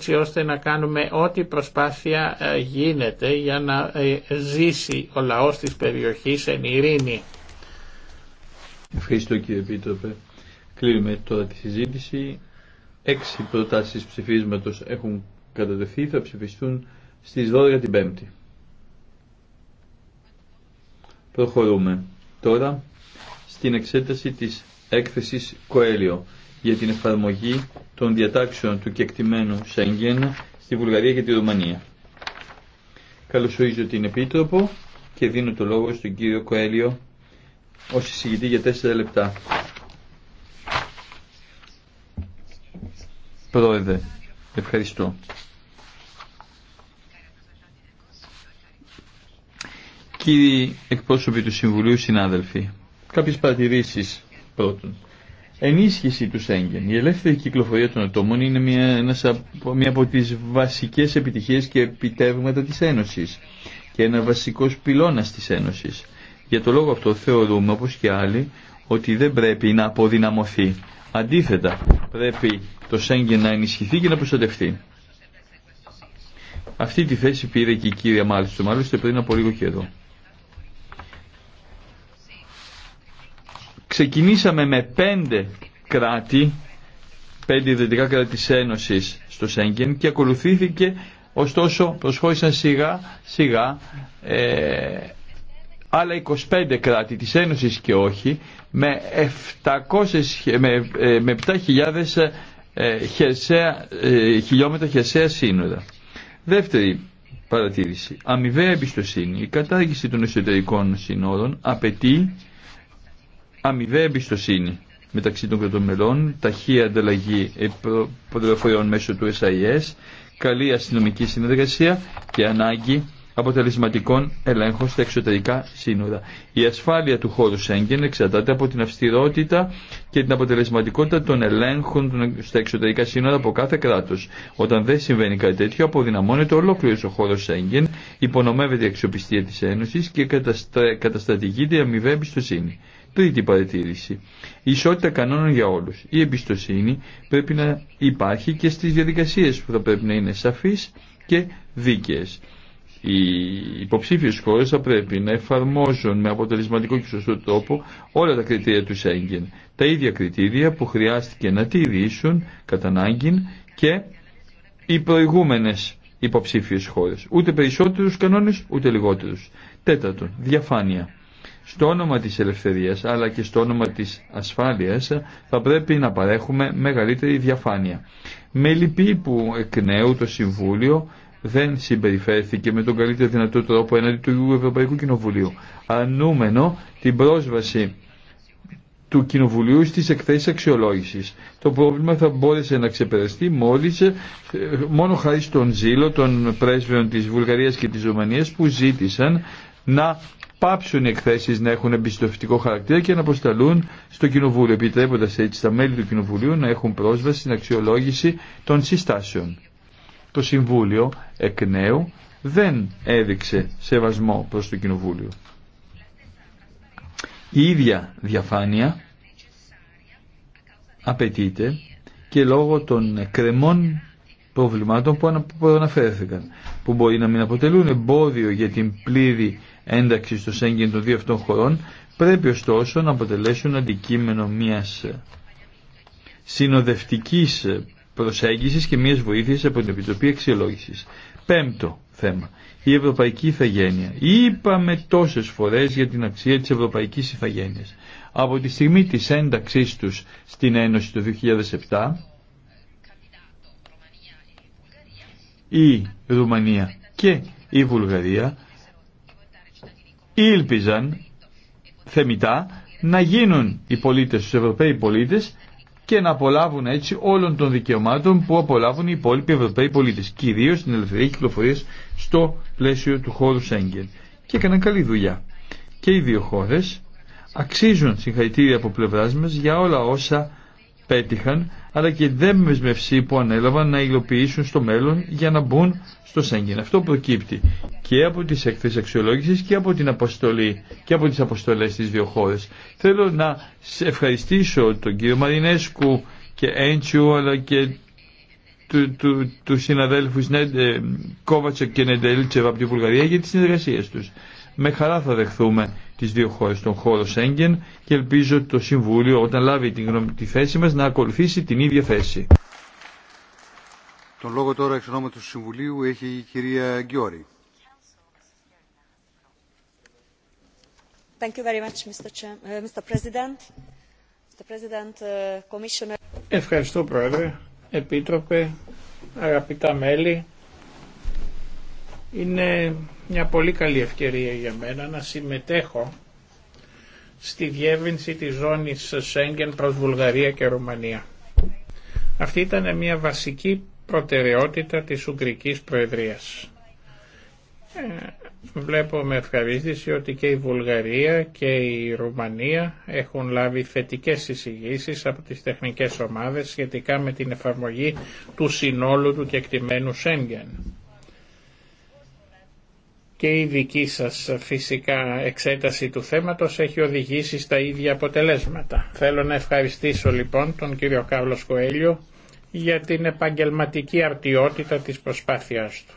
έτσι ώστε να κάνουμε ό,τι προσπάθεια ε, γίνεται για να ε, ζήσει ο λαός της περιοχής εν ειρήνη. Ευχαριστώ κύριε Επίτροπε. Κλείνουμε τώρα τη συζήτηση. Έξι προτάσεις ψηφίσματος έχουν κατατεθεί, θα ψηφιστούν στις 12 την Πέμπτη. Προχωρούμε τώρα στην εξέταση της έκθεσης Κοέλιο για την εφαρμογή των διατάξεων του κεκτημένου Σέγγεν στη Βουλγαρία και τη Ρουμανία. Καλωσορίζω την Επίτροπο και δίνω το λόγο στον κύριο Κοέλιο ως εισηγητή για τέσσερα λεπτά. Πρόεδρε, ευχαριστώ. Κύριοι εκπρόσωποι του Συμβουλίου, συνάδελφοι, κάποιες παρατηρήσεις πρώτον. Ενίσχυση του Σέγγεν. Η ελεύθερη κυκλοφορία των ατόμων είναι μια, μια από τις βασικές επιτυχίες και επιτεύγματα της Ένωσης και ένα βασικός πυλώνας της Ένωσης. Για το λόγο αυτό θεωρούμε, όπως και άλλοι, ότι δεν πρέπει να αποδυναμωθεί. Αντίθετα, πρέπει το Σέγγεν να ενισχυθεί και να προστατευτεί. Αυτή τη θέση πήρε και η κυρία Μάλιστο, μάλιστα πριν από λίγο και Ξεκινήσαμε με πέντε κράτη, πέντε ιδρυτικά κράτη της Ένωσης στο Σέγγεν και ακολουθήθηκε, ωστόσο προσχώρησαν σιγά σιγά ε, άλλα 25 κράτη της Ένωσης και όχι με, 700, με, ε, με 7.000 ε, ε, χιλιόμετρα χερσαία σύνορα. Δεύτερη παρατήρηση. Αμοιβαία εμπιστοσύνη. Η κατάργηση των εσωτερικών σύνορων απαιτεί αμοιβαία εμπιστοσύνη μεταξύ των κρατών μελών, ταχεία ανταλλαγή πληροφοριών μέσω του SIS, καλή αστυνομική συνεργασία και ανάγκη αποτελεσματικών ελέγχων στα εξωτερικά σύνορα. Η ασφάλεια του χώρου Σέγγεν εξαρτάται από την αυστηρότητα και την αποτελεσματικότητα των ελέγχων στα εξωτερικά σύνορα από κάθε κράτο. Όταν δεν συμβαίνει κάτι τέτοιο, αποδυναμώνεται ολόκληρο ο χώρο Σέγγεν, υπονομεύεται η αξιοπιστία τη Ένωση και καταστρατηγείται η αμοιβαία εμπιστοσύνη. Τρίτη παρατήρηση. Η ισότητα κανόνων για όλους. Η εμπιστοσύνη πρέπει να υπάρχει και στις διαδικασίε που θα πρέπει να είναι σαφείς και δίκαιες. Οι υποψήφιε χώρε θα πρέπει να εφαρμόζουν με αποτελεσματικό και σωστό τρόπο όλα τα κριτήρια του Σέγγεν. Τα ίδια κριτήρια που χρειάστηκε να τηρήσουν κατά ανάγκη και οι προηγούμενε υποψήφιε χώρε. Ούτε περισσότερου κανόνε ούτε λιγότερου. Τέταρτον, διαφάνεια στο όνομα της ελευθερίας αλλά και στο όνομα της ασφάλειας θα πρέπει να παρέχουμε μεγαλύτερη διαφάνεια. Με λυπή που εκ νέου το Συμβούλιο δεν συμπεριφέρθηκε με τον καλύτερο δυνατό τρόπο έναντι του Ευρωπαϊκού Κοινοβουλίου. Ανούμενο την πρόσβαση του Κοινοβουλίου στις εκθέσεις αξιολόγησης. Το πρόβλημα θα μπόρεσε να ξεπεραστεί μόλις, ε, μόνο χάρη στον ζήλο των πρέσβεων της Βουλγαρίας και της Ρουμανίας που ζήτησαν να πάψουν οι εκθέσεις να έχουν εμπιστευτικό χαρακτήρα και να αποσταλούν στο Κοινοβούλιο, επιτρέποντας έτσι τα μέλη του Κοινοβουλίου να έχουν πρόσβαση στην αξιολόγηση των συστάσεων. Το Συμβούλιο εκ νέου δεν έδειξε σεβασμό προς το Κοινοβούλιο. Η ίδια διαφάνεια απαιτείται και λόγω των κρεμών προβλημάτων που αναφέρθηκαν, που μπορεί να μην αποτελούν εμπόδιο για την πλήρη ένταξη στο Σέγγεν των δύο αυτών χωρών πρέπει ωστόσο να αποτελέσουν αντικείμενο μιας συνοδευτικής προσέγγισης και μιας βοήθειας από την Επιτροπή αξιολόγηση. Πέμπτο θέμα. Η Ευρωπαϊκή Ιθαγένεια. Είπαμε τόσες φορές για την αξία της Ευρωπαϊκής Ιθαγένειας. Από τη στιγμή της ένταξής τους στην Ένωση το 2007, η Ρουμανία και η Βουλγαρία ήλπιζαν θεμητά να γίνουν οι πολίτες, τους Ευρωπαίοι πολίτες και να απολάβουν έτσι όλων των δικαιωμάτων που απολάβουν οι υπόλοιποι Ευρωπαίοι πολίτες, κυρίως στην ελευθερία κυκλοφορία στο πλαίσιο του χώρου Σέγγεν. Και έκαναν καλή δουλειά. Και οι δύο χώρες αξίζουν συγχαρητήρια από πλευρά μα για όλα όσα πέτυχαν, αλλά και δέσμευση που ανέλαβαν να υλοποιήσουν στο μέλλον για να μπουν στο Σέγγεν. Αυτό προκύπτει και από τις εκθέσει αξιολόγηση και από, την αποστολή, και από τις αποστολές της δύο χώρε. Θέλω να ευχαριστήσω τον κύριο Μαρινέσκου και Έντσιου αλλά και του, του, του συναδέλφου ε, Κόβατσο και Νεντέλτσεβ από τη Βουλγαρία για τις συνεργασίες τους. Με χαρά θα δεχθούμε τις δύο χώρες των χώρο Σέγγεν και ελπίζω ότι το Συμβούλιο όταν λάβει την τη θέση μας να ακολουθήσει την ίδια θέση. Τον λόγο τώρα εξ του Συμβουλίου έχει η κυρία Γκιόρη. Ευχαριστώ Πρόεδρε, Επίτροπε, αγαπητά μέλη. Είναι μια πολύ καλή ευκαιρία για μένα να συμμετέχω στη διεύρυνση της ζώνης Σέγγεν προς Βουλγαρία και Ρουμανία. Αυτή ήταν μια βασική προτεραιότητα της Ουγγρικής Προεδρίας. Ε, βλέπω με ευχαρίστηση ότι και η Βουλγαρία και η Ρουμανία έχουν λάβει θετικές εισηγήσεις από τις τεχνικές ομάδες σχετικά με την εφαρμογή του συνόλου του κεκτημένου Σέγγεν και η δική σας φυσικά εξέταση του θέματος έχει οδηγήσει στα ίδια αποτελέσματα. Θέλω να ευχαριστήσω λοιπόν τον κύριο Καύλος Κοέλιο για την επαγγελματική αρτιότητα της προσπάθειάς του.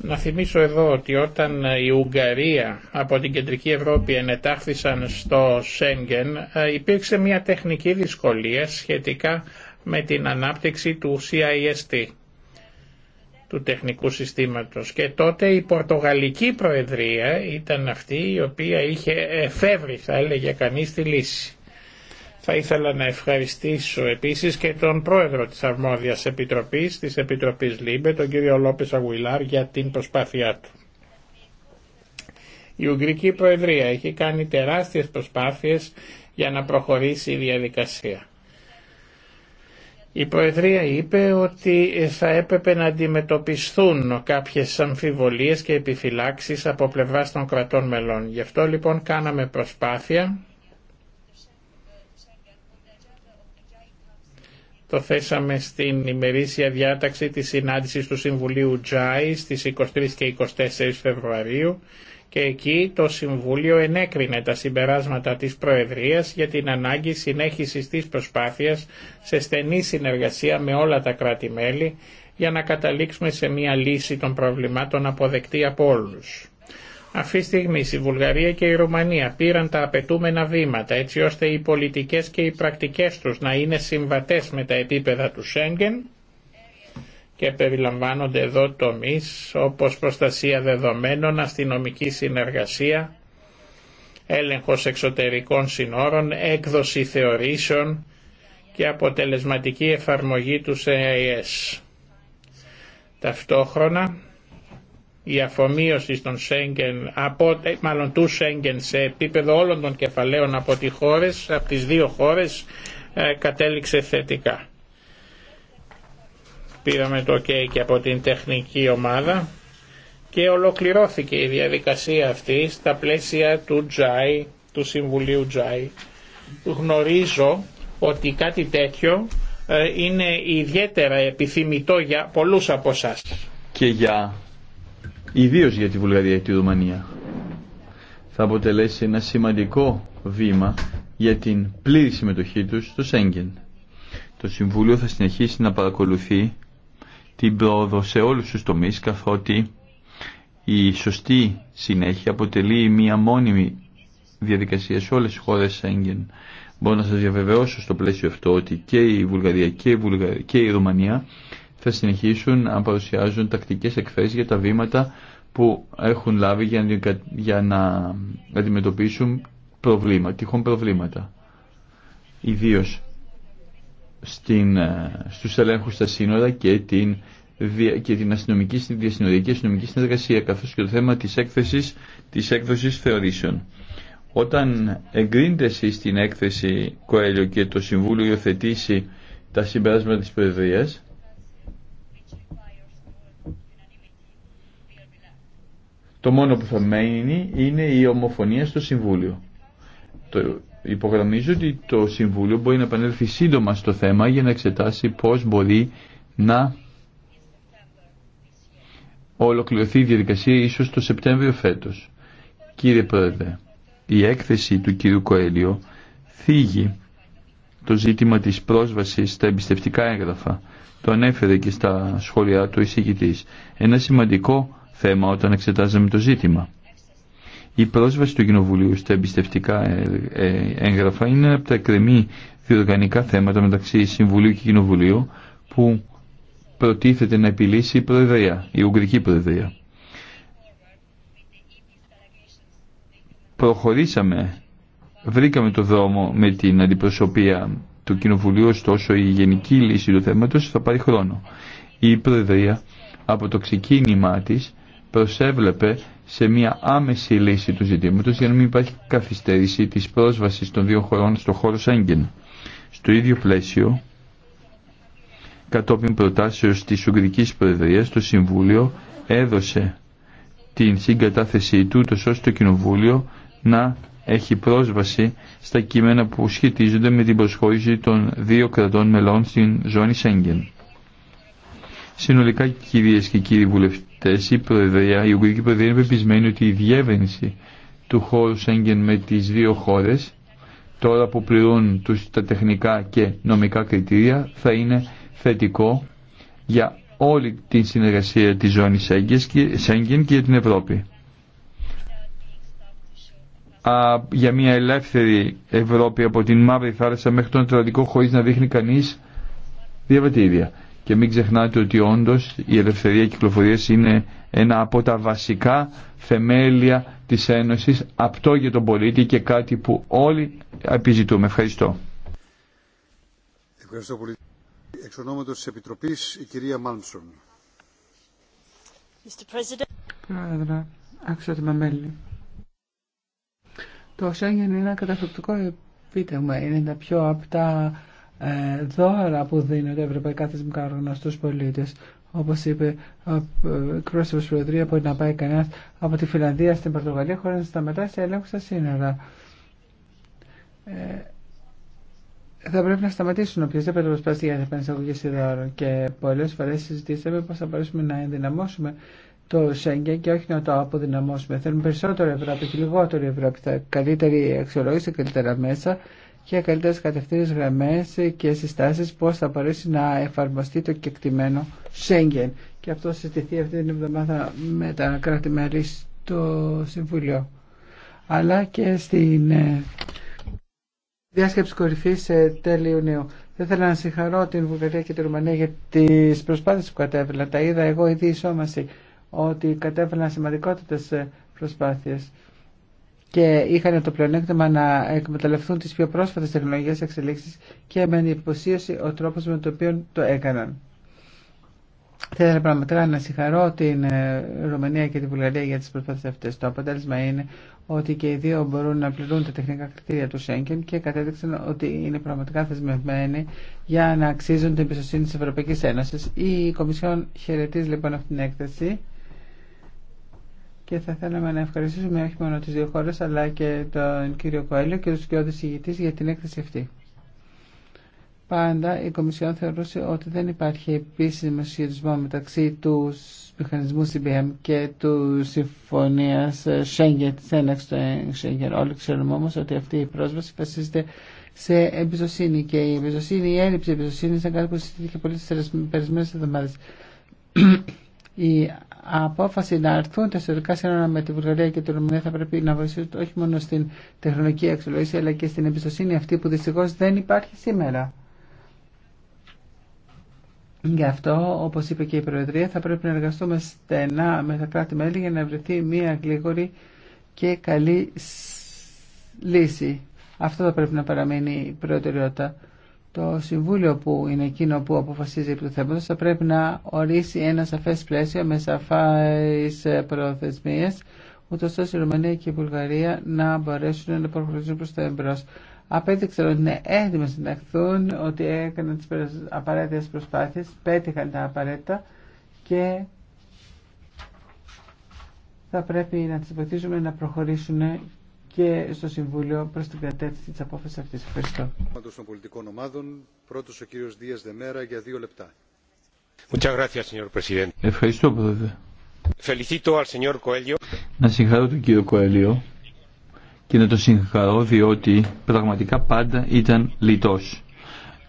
Να θυμίσω εδώ ότι όταν η Ουγγαρία από την Κεντρική Ευρώπη ενετάχθησαν στο Σέγγεν ε, υπήρξε μια τεχνική δυσκολία σχετικά με την ανάπτυξη του CIST, του τεχνικού συστήματος. Και τότε η Πορτογαλική Προεδρία ήταν αυτή η οποία είχε εφεύρει, θα έλεγε κανείς, τη λύση. Θα ήθελα να ευχαριστήσω επίσης και τον πρόεδρο της Αρμόδιας Επιτροπής, της Επιτροπής Λίμπε, τον κύριο Λόπε Αγουιλάρ, για την προσπάθειά του. Η Ουγγρική Προεδρία έχει κάνει τεράστιες προσπάθειες για να προχωρήσει η διαδικασία. Η Προεδρία είπε ότι θα έπρεπε να αντιμετωπιστούν κάποιες αμφιβολίες και επιφυλάξεις από πλευράς των κρατών μελών. Γι' αυτό λοιπόν κάναμε προσπάθεια. Το θέσαμε στην ημερήσια διάταξη της συνάντησης του Συμβουλίου Τζάι στις 23 και 24 Φεβρουαρίου και εκεί το Συμβούλιο ενέκρινε τα συμπεράσματα της Προεδρίας για την ανάγκη συνέχισης της προσπάθειας σε στενή συνεργασία με όλα τα κράτη-μέλη για να καταλήξουμε σε μια λύση των προβλημάτων αποδεκτή από όλους. Αυτή τη στιγμή η Βουλγαρία και η Ρουμανία πήραν τα απαιτούμενα βήματα έτσι ώστε οι πολιτικές και οι πρακτικές τους να είναι συμβατές με τα επίπεδα του Σέγγεν και περιλαμβάνονται εδώ τομείς όπως προστασία δεδομένων, αστυνομική συνεργασία, έλεγχος εξωτερικών συνόρων, έκδοση θεωρήσεων και αποτελεσματική εφαρμογή του CIS. Ταυτόχρονα, η αφομοίωση των Σέγγεν, από, μάλλον του Σέγγεν σε επίπεδο όλων των κεφαλαίων από, τις χώρες, από τις δύο χώρες ε, κατέληξε θετικά. Πήραμε το OK και από την τεχνική ομάδα και ολοκληρώθηκε η διαδικασία αυτή στα πλαίσια του Τζάι, του Συμβουλίου Τζάι. Γνωρίζω ότι κάτι τέτοιο ε, είναι ιδιαίτερα επιθυμητό για πολλούς από εσά. Και για, ιδίως για τη Βουλγαρία και τη Ρουμανία, θα αποτελέσει ένα σημαντικό βήμα για την πλήρη συμμετοχή τους στο Σέγγεν. Το Συμβούλιο θα συνεχίσει να παρακολουθεί την πρόοδο σε όλους τους τομείς καθότι η σωστή συνέχεια αποτελεί μια μόνιμη διαδικασία σε όλες τις χώρες Σέγγεν. Μπορώ να σας διαβεβαιώσω στο πλαίσιο αυτό ότι και η Βουλγαρία και η, Βουλγαρία, και η Ρουμανία θα συνεχίσουν να παρουσιάζουν τακτικές εκθέσεις για τα βήματα που έχουν λάβει για να αντιμετωπίσουν προβλήματα, τυχόν προβλήματα. Ιδίως στην, ε, στους ελέγχους στα σύνορα και την, και την αστυνομική, διασυνοριακή αστυνομική συνεργασία καθώς και το θέμα της έκθεσης, της έκδοσης θεωρήσεων. Όταν εγκρίνεται στην την έκθεση Κοέλιο και το Συμβούλιο υιοθετήσει τα συμπεράσματα της Προεδρίας, το μόνο που θα μένει είναι η ομοφωνία στο Συμβούλιο. Το υπογραμμίζω ότι το Συμβούλιο μπορεί να επανέλθει σύντομα στο θέμα για να εξετάσει πώς μπορεί να ολοκληρωθεί η διαδικασία ίσως το Σεπτέμβριο φέτος. Κύριε Πρόεδρε, η έκθεση του κύριου Κοέλιο θίγει το ζήτημα της πρόσβασης στα εμπιστευτικά έγγραφα. Το ανέφερε και στα σχόλιά του εισηγητής. Ένα σημαντικό θέμα όταν εξετάζαμε το ζήτημα. Η πρόσβαση του Κοινοβουλίου στα εμπιστευτικά ε, ε, έγγραφα είναι από τα εκκρεμή διοργανικά θέματα μεταξύ Συμβουλίου και Κοινοβουλίου που προτίθεται να επιλύσει η Προεδρία, η Ουγγρική Προεδρία. Προχωρήσαμε, βρήκαμε το δρόμο με την αντιπροσωπεία του Κοινοβουλίου, ωστόσο η γενική λύση του θέματος θα πάρει χρόνο. Η Προεδρία από το ξεκίνημά της προσέβλεπε σε μια άμεση λύση του ζητήματος για να μην υπάρχει καθυστέρηση της πρόσβασης των δύο χωρών στο χώρο Σέγγεν. Στο ίδιο πλαίσιο, κατόπιν προτάσεως της Ουγγρικής Προεδρίας, το Συμβούλιο έδωσε την συγκατάθεσή του, τόσο ώστε το Κοινοβούλιο να έχει πρόσβαση στα κείμενα που σχετίζονται με την προσχώρηση των δύο κρατών μελών στην ζώνη Σέγγεν. Συνολικά, κυρίε και κύριοι βουλευτέ, η, Προεδρία, η Ουγγρική Προεδρία είναι πεπισμένη ότι η διεύρυνση του χώρου Σέγγεν με τι δύο χώρε, τώρα που πληρούν τους, τα τεχνικά και νομικά κριτήρια, θα είναι θετικό για όλη την συνεργασία της ζώνης Σέγγεν και για την Ευρώπη. Α, για μια ελεύθερη Ευρώπη από την Μαύρη Θάλασσα μέχρι τον Ατλαντικό χωρίς να δείχνει κανείς διαβατήρια και μην ξεχνάτε ότι όντως η ελευθερία κυκλοφορίας είναι ένα από τα βασικά θεμέλια της Ένωσης, απτό για τον πολίτη και κάτι που όλοι επιζητούμε. Ευχαριστώ. Ευχαριστώ πολύ. Εξ ονόματος της Επιτροπής, η κυρία Μάλμσον. Πρόεδρε, αξιότιμα μέλη. Το Σέγγεν είναι ένα καταφληκτικό επίτευγμα. Είναι τα πιο απτά ε, δώρα που δίνουν τα ευρωπαϊκά θεσμικά όργανα στου πολίτε, όπω είπε ο ε, εκπρόσωπος Προεδρία, μπορεί να πάει κανένα από τη Φιλανδία στην Πορτογαλία χωρί να σταματά σε ελέγχου στα σύνορα. Ε, θα πρέπει να σταματήσουν οποιασδήποτε προσπάθειε για επανεισαγωγή δώρο. και πολλέ φορέ συζητήσαμε πώ θα μπορέσουμε να ενδυναμώσουμε το Σέγγεν και όχι να το αποδυναμώσουμε. Θέλουμε περισσότερο Ευρώπη και λιγότερη Ευρώπη. Θα καλύτερη αξιολόγηση, καλύτερα μέσα για καλύτερες κατευθύνες γραμμές και συστάσεις πώς θα μπορέσει να εφαρμοστεί το κεκτημένο Σέγγεν. Και αυτό συζητηθεί αυτή την εβδομάδα με τα κράτη-μέρη στο Συμβουλίο. Αλλά και στην ε, διάσκεψη κορυφή τέλη Ιουνίου. Δεν θέλω να συγχαρώ την Βουλγαρία και την Ρουμανία για τις προσπάθειες που κατέβαλαν. Τα είδα εγώ ήδη η ότι κατέβαλαν σημαντικότητε ε, προσπάθειες και είχαν το πλεονέκτημα να εκμεταλλευτούν τις πιο πρόσφατες τεχνολογικές εξελίξεις και με εντυπωσίωση ο τρόπος με τον οποίο το έκαναν. Θα ήθελα πραγματικά να συγχαρώ την ε, Ρουμανία και την Βουλγαρία για τις προσπάθειες αυτές. Το αποτέλεσμα είναι ότι και οι δύο μπορούν να πληρούν τα τεχνικά κριτήρια του Σέγγεν και κατέδειξαν ότι είναι πραγματικά θεσμευμένοι για να αξίζουν την εμπιστοσύνη της Ευρωπαϊκής Ένωσης. Η Κομισιόν χαιρετίζει λοιπόν αυτή την έκθεση και θα θέλαμε να ευχαριστήσουμε όχι μόνο τις δύο χώρες αλλά και τον κύριο Κοέλιο και τους κοιόδους ηγητής για την έκθεση αυτή. Πάντα η Κομισιόν θεωρούσε ότι δεν υπάρχει επίσημο σχετισμό μεταξύ του μηχανισμού CBM και του συμφωνία Schengen, τη έναξη του Schengen. Όλοι ξέρουμε όμω ότι αυτή η πρόσβαση βασίζεται σε εμπιστοσύνη και η εμπιστοσύνη, η έλλειψη εμπιστοσύνη ήταν κάτι που συζητήθηκε πολύ στι περισμένε εβδομάδε η απόφαση να έρθουν τα ιστορικά σύνορα με τη Βουλγαρία και τη Ρουμανία θα πρέπει να βοηθήσουν όχι μόνο στην τεχνολογική αξιολόγηση αλλά και στην εμπιστοσύνη αυτή που δυστυχώ δεν υπάρχει σήμερα. Γι' αυτό, όπω είπε και η Προεδρία, θα πρέπει να εργαστούμε στενά με τα κράτη-μέλη για να βρεθεί μια γλίγορη και καλή λύση. Αυτό θα πρέπει να παραμείνει η προτεραιότητα το Συμβούλιο που είναι εκείνο που αποφασίζει επί του θα πρέπει να ορίσει ένα σαφές πλαίσιο με σαφές προθεσμίες ούτω ώστε η Ρουμανία και η Βουλγαρία να μπορέσουν να προχωρήσουν προς το εμπρός. Απέδειξαν ότι είναι έτοιμες να συνταχθούν, ότι έκαναν τις απαραίτητες προσπάθειες, πέτυχαν τα απαραίτητα και θα πρέπει να τις βοηθήσουμε να προχωρήσουν και στο Συμβούλιο προ την κατεύθυνση τη απόφαση αυτή Ευχαριστώ. Των ομάδων, ο Δεμέρα για δύο λεπτά. Ευχαριστώ, Πρόεδρε. Να συγχαρώ τον κύριο Κοέλιο και να τον συγχαρώ διότι πραγματικά πάντα ήταν λιτό.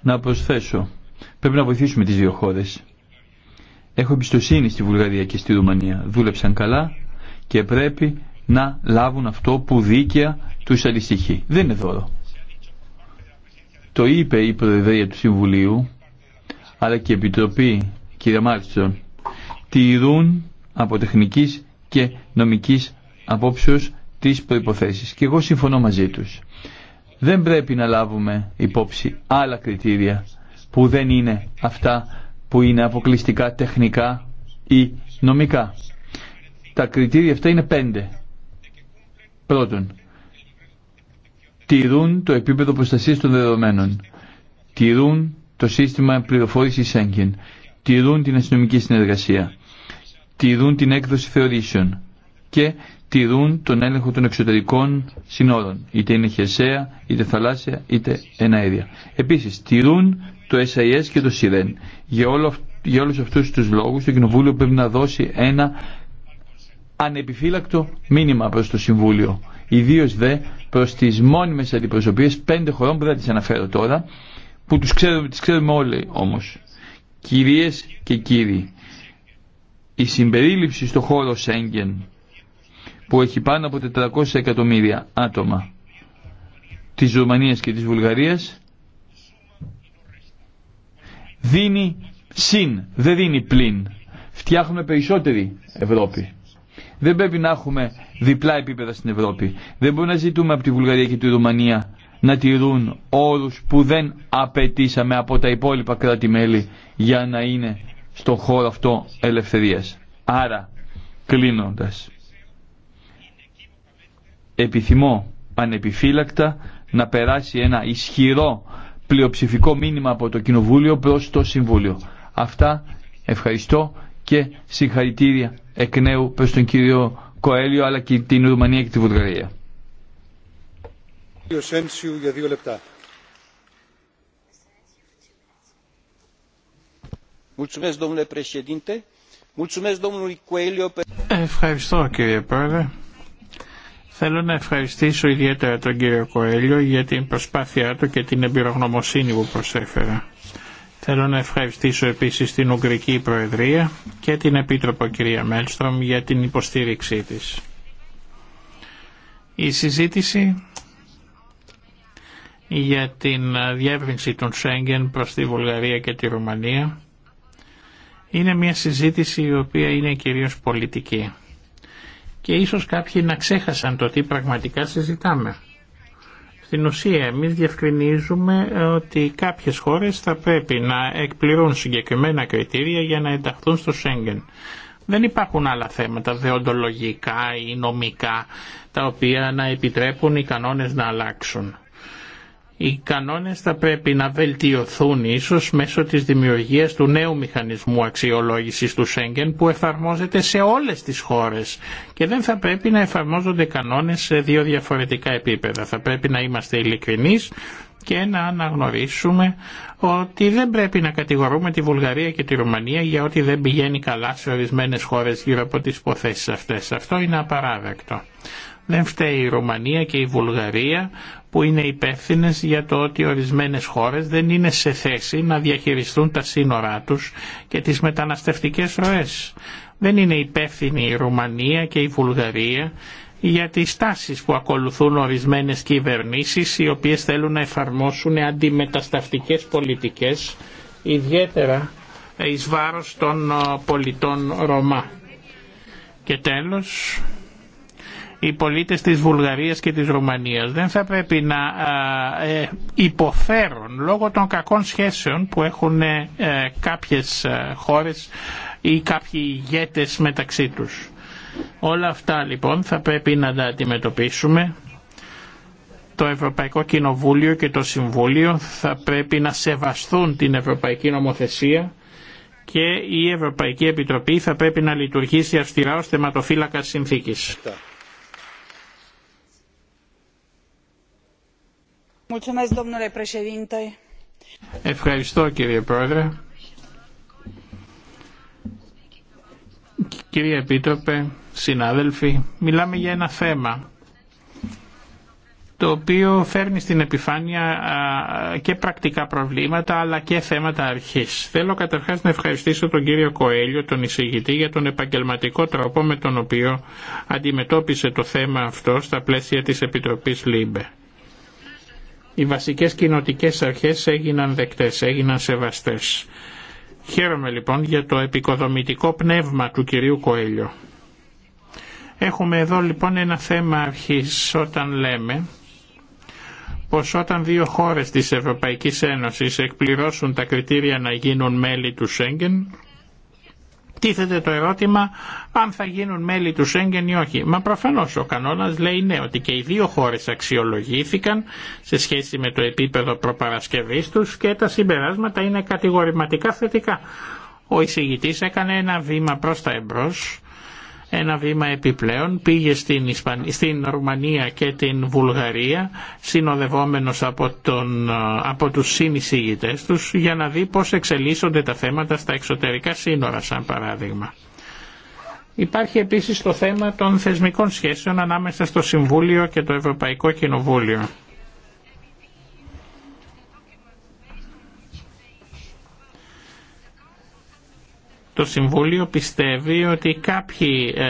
Να προσθέσω, πρέπει να βοηθήσουμε τι δύο χώρε. Έχω εμπιστοσύνη στη Βουλγαρία και στη Ρουμανία. Δούλεψαν καλά και πρέπει να λάβουν αυτό που δίκαια τους αντιστοιχεί. Δεν είναι δώρο. Το είπε η Προεδρία του Συμβουλίου, αλλά και η Επιτροπή, κύριε Μάρτσον, τηρούν από τεχνικής και νομικής απόψεως τις προϋποθέσεις. Και εγώ συμφωνώ μαζί τους. Δεν πρέπει να λάβουμε υπόψη άλλα κριτήρια που δεν είναι αυτά που είναι αποκλειστικά τεχνικά ή νομικά. Τα κριτήρια αυτά είναι πέντε Πρώτον, τηρούν το επίπεδο προστασίας των δεδομένων, τηρούν το σύστημα πληροφόρησης έγκεν, τηρούν την αστυνομική συνεργασία, τηρούν την έκδοση θεωρήσεων και τηρούν τον έλεγχο των εξωτερικών συνόρων, είτε είναι χερσαία, είτε θαλάσσια, είτε εναέρια. Επίσης, τηρούν το SIS και το SIREN. Για, όλο, για όλους αυτούς τους λόγους, το Κοινοβούλιο πρέπει να δώσει ένα ανεπιφύλακτο μήνυμα προς το Συμβούλιο, ιδίως δε προς τις μόνιμες αντιπροσωπείες πέντε χωρών που δεν τις αναφέρω τώρα, που τους ξέρουμε, τις ξέρουμε όλοι όμως. Κυρίες και κύριοι, η συμπερίληψη στο χώρο Σέγγεν που έχει πάνω από 400 εκατομμύρια άτομα της Ρουμανίας και της Βουλγαρίας δίνει συν, δεν δίνει πλην. Φτιάχνουμε περισσότερη Ευρώπη. Δεν πρέπει να έχουμε διπλά επίπεδα στην Ευρώπη. Δεν μπορούμε να ζητούμε από τη Βουλγαρία και τη Ρουμανία να τηρούν όρους που δεν απαιτήσαμε από τα υπόλοιπα κράτη-μέλη για να είναι στον χώρο αυτό ελευθερίας. Άρα, κλείνοντας, επιθυμώ ανεπιφύλακτα να περάσει ένα ισχυρό πλειοψηφικό μήνυμα από το Κοινοβούλιο προς το Συμβούλιο. Αυτά ευχαριστώ και συγχαρητήρια εκ νέου προς τον κύριο Κοέλιο αλλά και την Ρουμανία και τη Βουλγαρία. Ευχαριστώ κύριε Πρόεδρε. Θέλω να ευχαριστήσω ιδιαίτερα τον κύριο Κοέλιο για την προσπάθειά του και την εμπειρογνωμοσύνη που προσέφερα. Θέλω να ευχαριστήσω επίσης την Ουγγρική Προεδρία και την Επίτροπο κυρία Μέλστρομ για την υποστήριξή της. Η συζήτηση για την διεύρυνση των Σέγγεν προς τη Βουλγαρία και τη Ρουμανία είναι μια συζήτηση η οποία είναι κυρίως πολιτική και ίσως κάποιοι να ξέχασαν το τι πραγματικά συζητάμε. Στην ουσία εμείς διευκρινίζουμε ε, ότι κάποιες χώρες θα πρέπει να εκπληρούν συγκεκριμένα κριτήρια για να ενταχθούν στο Σέγγεν. Δεν υπάρχουν άλλα θέματα δεοντολογικά ή νομικά τα οποία να επιτρέπουν οι κανόνες να αλλάξουν. Οι κανόνες θα πρέπει να βελτιωθούν ίσως μέσω της δημιουργίας του νέου μηχανισμού αξιολόγησης του Σέγγεν που εφαρμόζεται σε όλες τις χώρες και δεν θα πρέπει να εφαρμόζονται κανόνες σε δύο διαφορετικά επίπεδα. Θα πρέπει να είμαστε ειλικρινείς και να αναγνωρίσουμε ότι δεν πρέπει να κατηγορούμε τη Βουλγαρία και τη Ρουμανία για ότι δεν πηγαίνει καλά σε ορισμένες χώρες γύρω από τις υποθέσεις αυτές. Αυτό είναι απαράδεκτο. Δεν φταίει η Ρουμανία και η Βουλγαρία που είναι υπεύθυνε για το ότι ορισμένες χώρες δεν είναι σε θέση να διαχειριστούν τα σύνορά τους και τις μεταναστευτικές ροές. Δεν είναι υπεύθυνη η Ρουμανία και η Βουλγαρία για τις τάσεις που ακολουθούν ορισμένες κυβερνήσεις οι οποίες θέλουν να εφαρμόσουν αντιμετασταυτικές πολιτικές ιδιαίτερα εις βάρος των ε, πολιτών Ρωμά. Και τέλος, οι πολίτες της Βουλγαρίας και της Ρουμανίας δεν θα πρέπει να ε, υποφέρουν λόγω των κακών σχέσεων που έχουν ε, κάποιες ε, χώρες ή κάποιοι ηγέτες μεταξύ τους. Όλα αυτά λοιπόν θα πρέπει να τα αντιμετωπίσουμε. Το Ευρωπαϊκό Κοινοβούλιο και το Συμβούλιο θα πρέπει να σεβαστούν την Ευρωπαϊκή Νομοθεσία και η Ευρωπαϊκή Επιτροπή θα πρέπει να λειτουργήσει αυστηρά ως θεματοφύλακα συνθήκης. Ευχαριστώ κύριε Πρόεδρε. Κύριε Επίτροπε, συνάδελφοι, μιλάμε για ένα θέμα το οποίο φέρνει στην επιφάνεια και πρακτικά προβλήματα αλλά και θέματα αρχής. Θέλω καταρχάς να ευχαριστήσω τον κύριο Κοέλιο, τον εισηγητή, για τον επαγγελματικό τρόπο με τον οποίο αντιμετώπισε το θέμα αυτό στα πλαίσια της Επιτροπής ΛΥΜΠΕ οι βασικές κοινοτικές αρχές έγιναν δεκτές, έγιναν σεβαστές. Χαίρομαι λοιπόν για το επικοδομητικό πνεύμα του κυρίου Κοέλιο. Έχουμε εδώ λοιπόν ένα θέμα αρχής όταν λέμε πως όταν δύο χώρες της Ευρωπαϊκής Ένωσης εκπληρώσουν τα κριτήρια να γίνουν μέλη του Σέγγεν τίθεται το ερώτημα αν θα γίνουν μέλη του Σέγγεν ή όχι. Μα προφανώς ο κανόνας λέει ναι ότι και οι δύο χώρες αξιολογήθηκαν σε σχέση με το επίπεδο προπαρασκευής τους και τα συμπεράσματα είναι κατηγορηματικά θετικά. Ο εισηγητής έκανε ένα βήμα προς τα εμπρός ένα βήμα επιπλέον, πήγε στην, Ισπαν... στην Ρουμανία και την Βουλγαρία συνοδευόμενος από, τον... από τους συνεισήγητές τους για να δει πώς εξελίσσονται τα θέματα στα εξωτερικά σύνορα σαν παράδειγμα. Υπάρχει επίσης το θέμα των θεσμικών σχέσεων ανάμεσα στο Συμβούλιο και το Ευρωπαϊκό Κοινοβούλιο. Το Συμβούλιο πιστεύει ότι κάποιοι ε,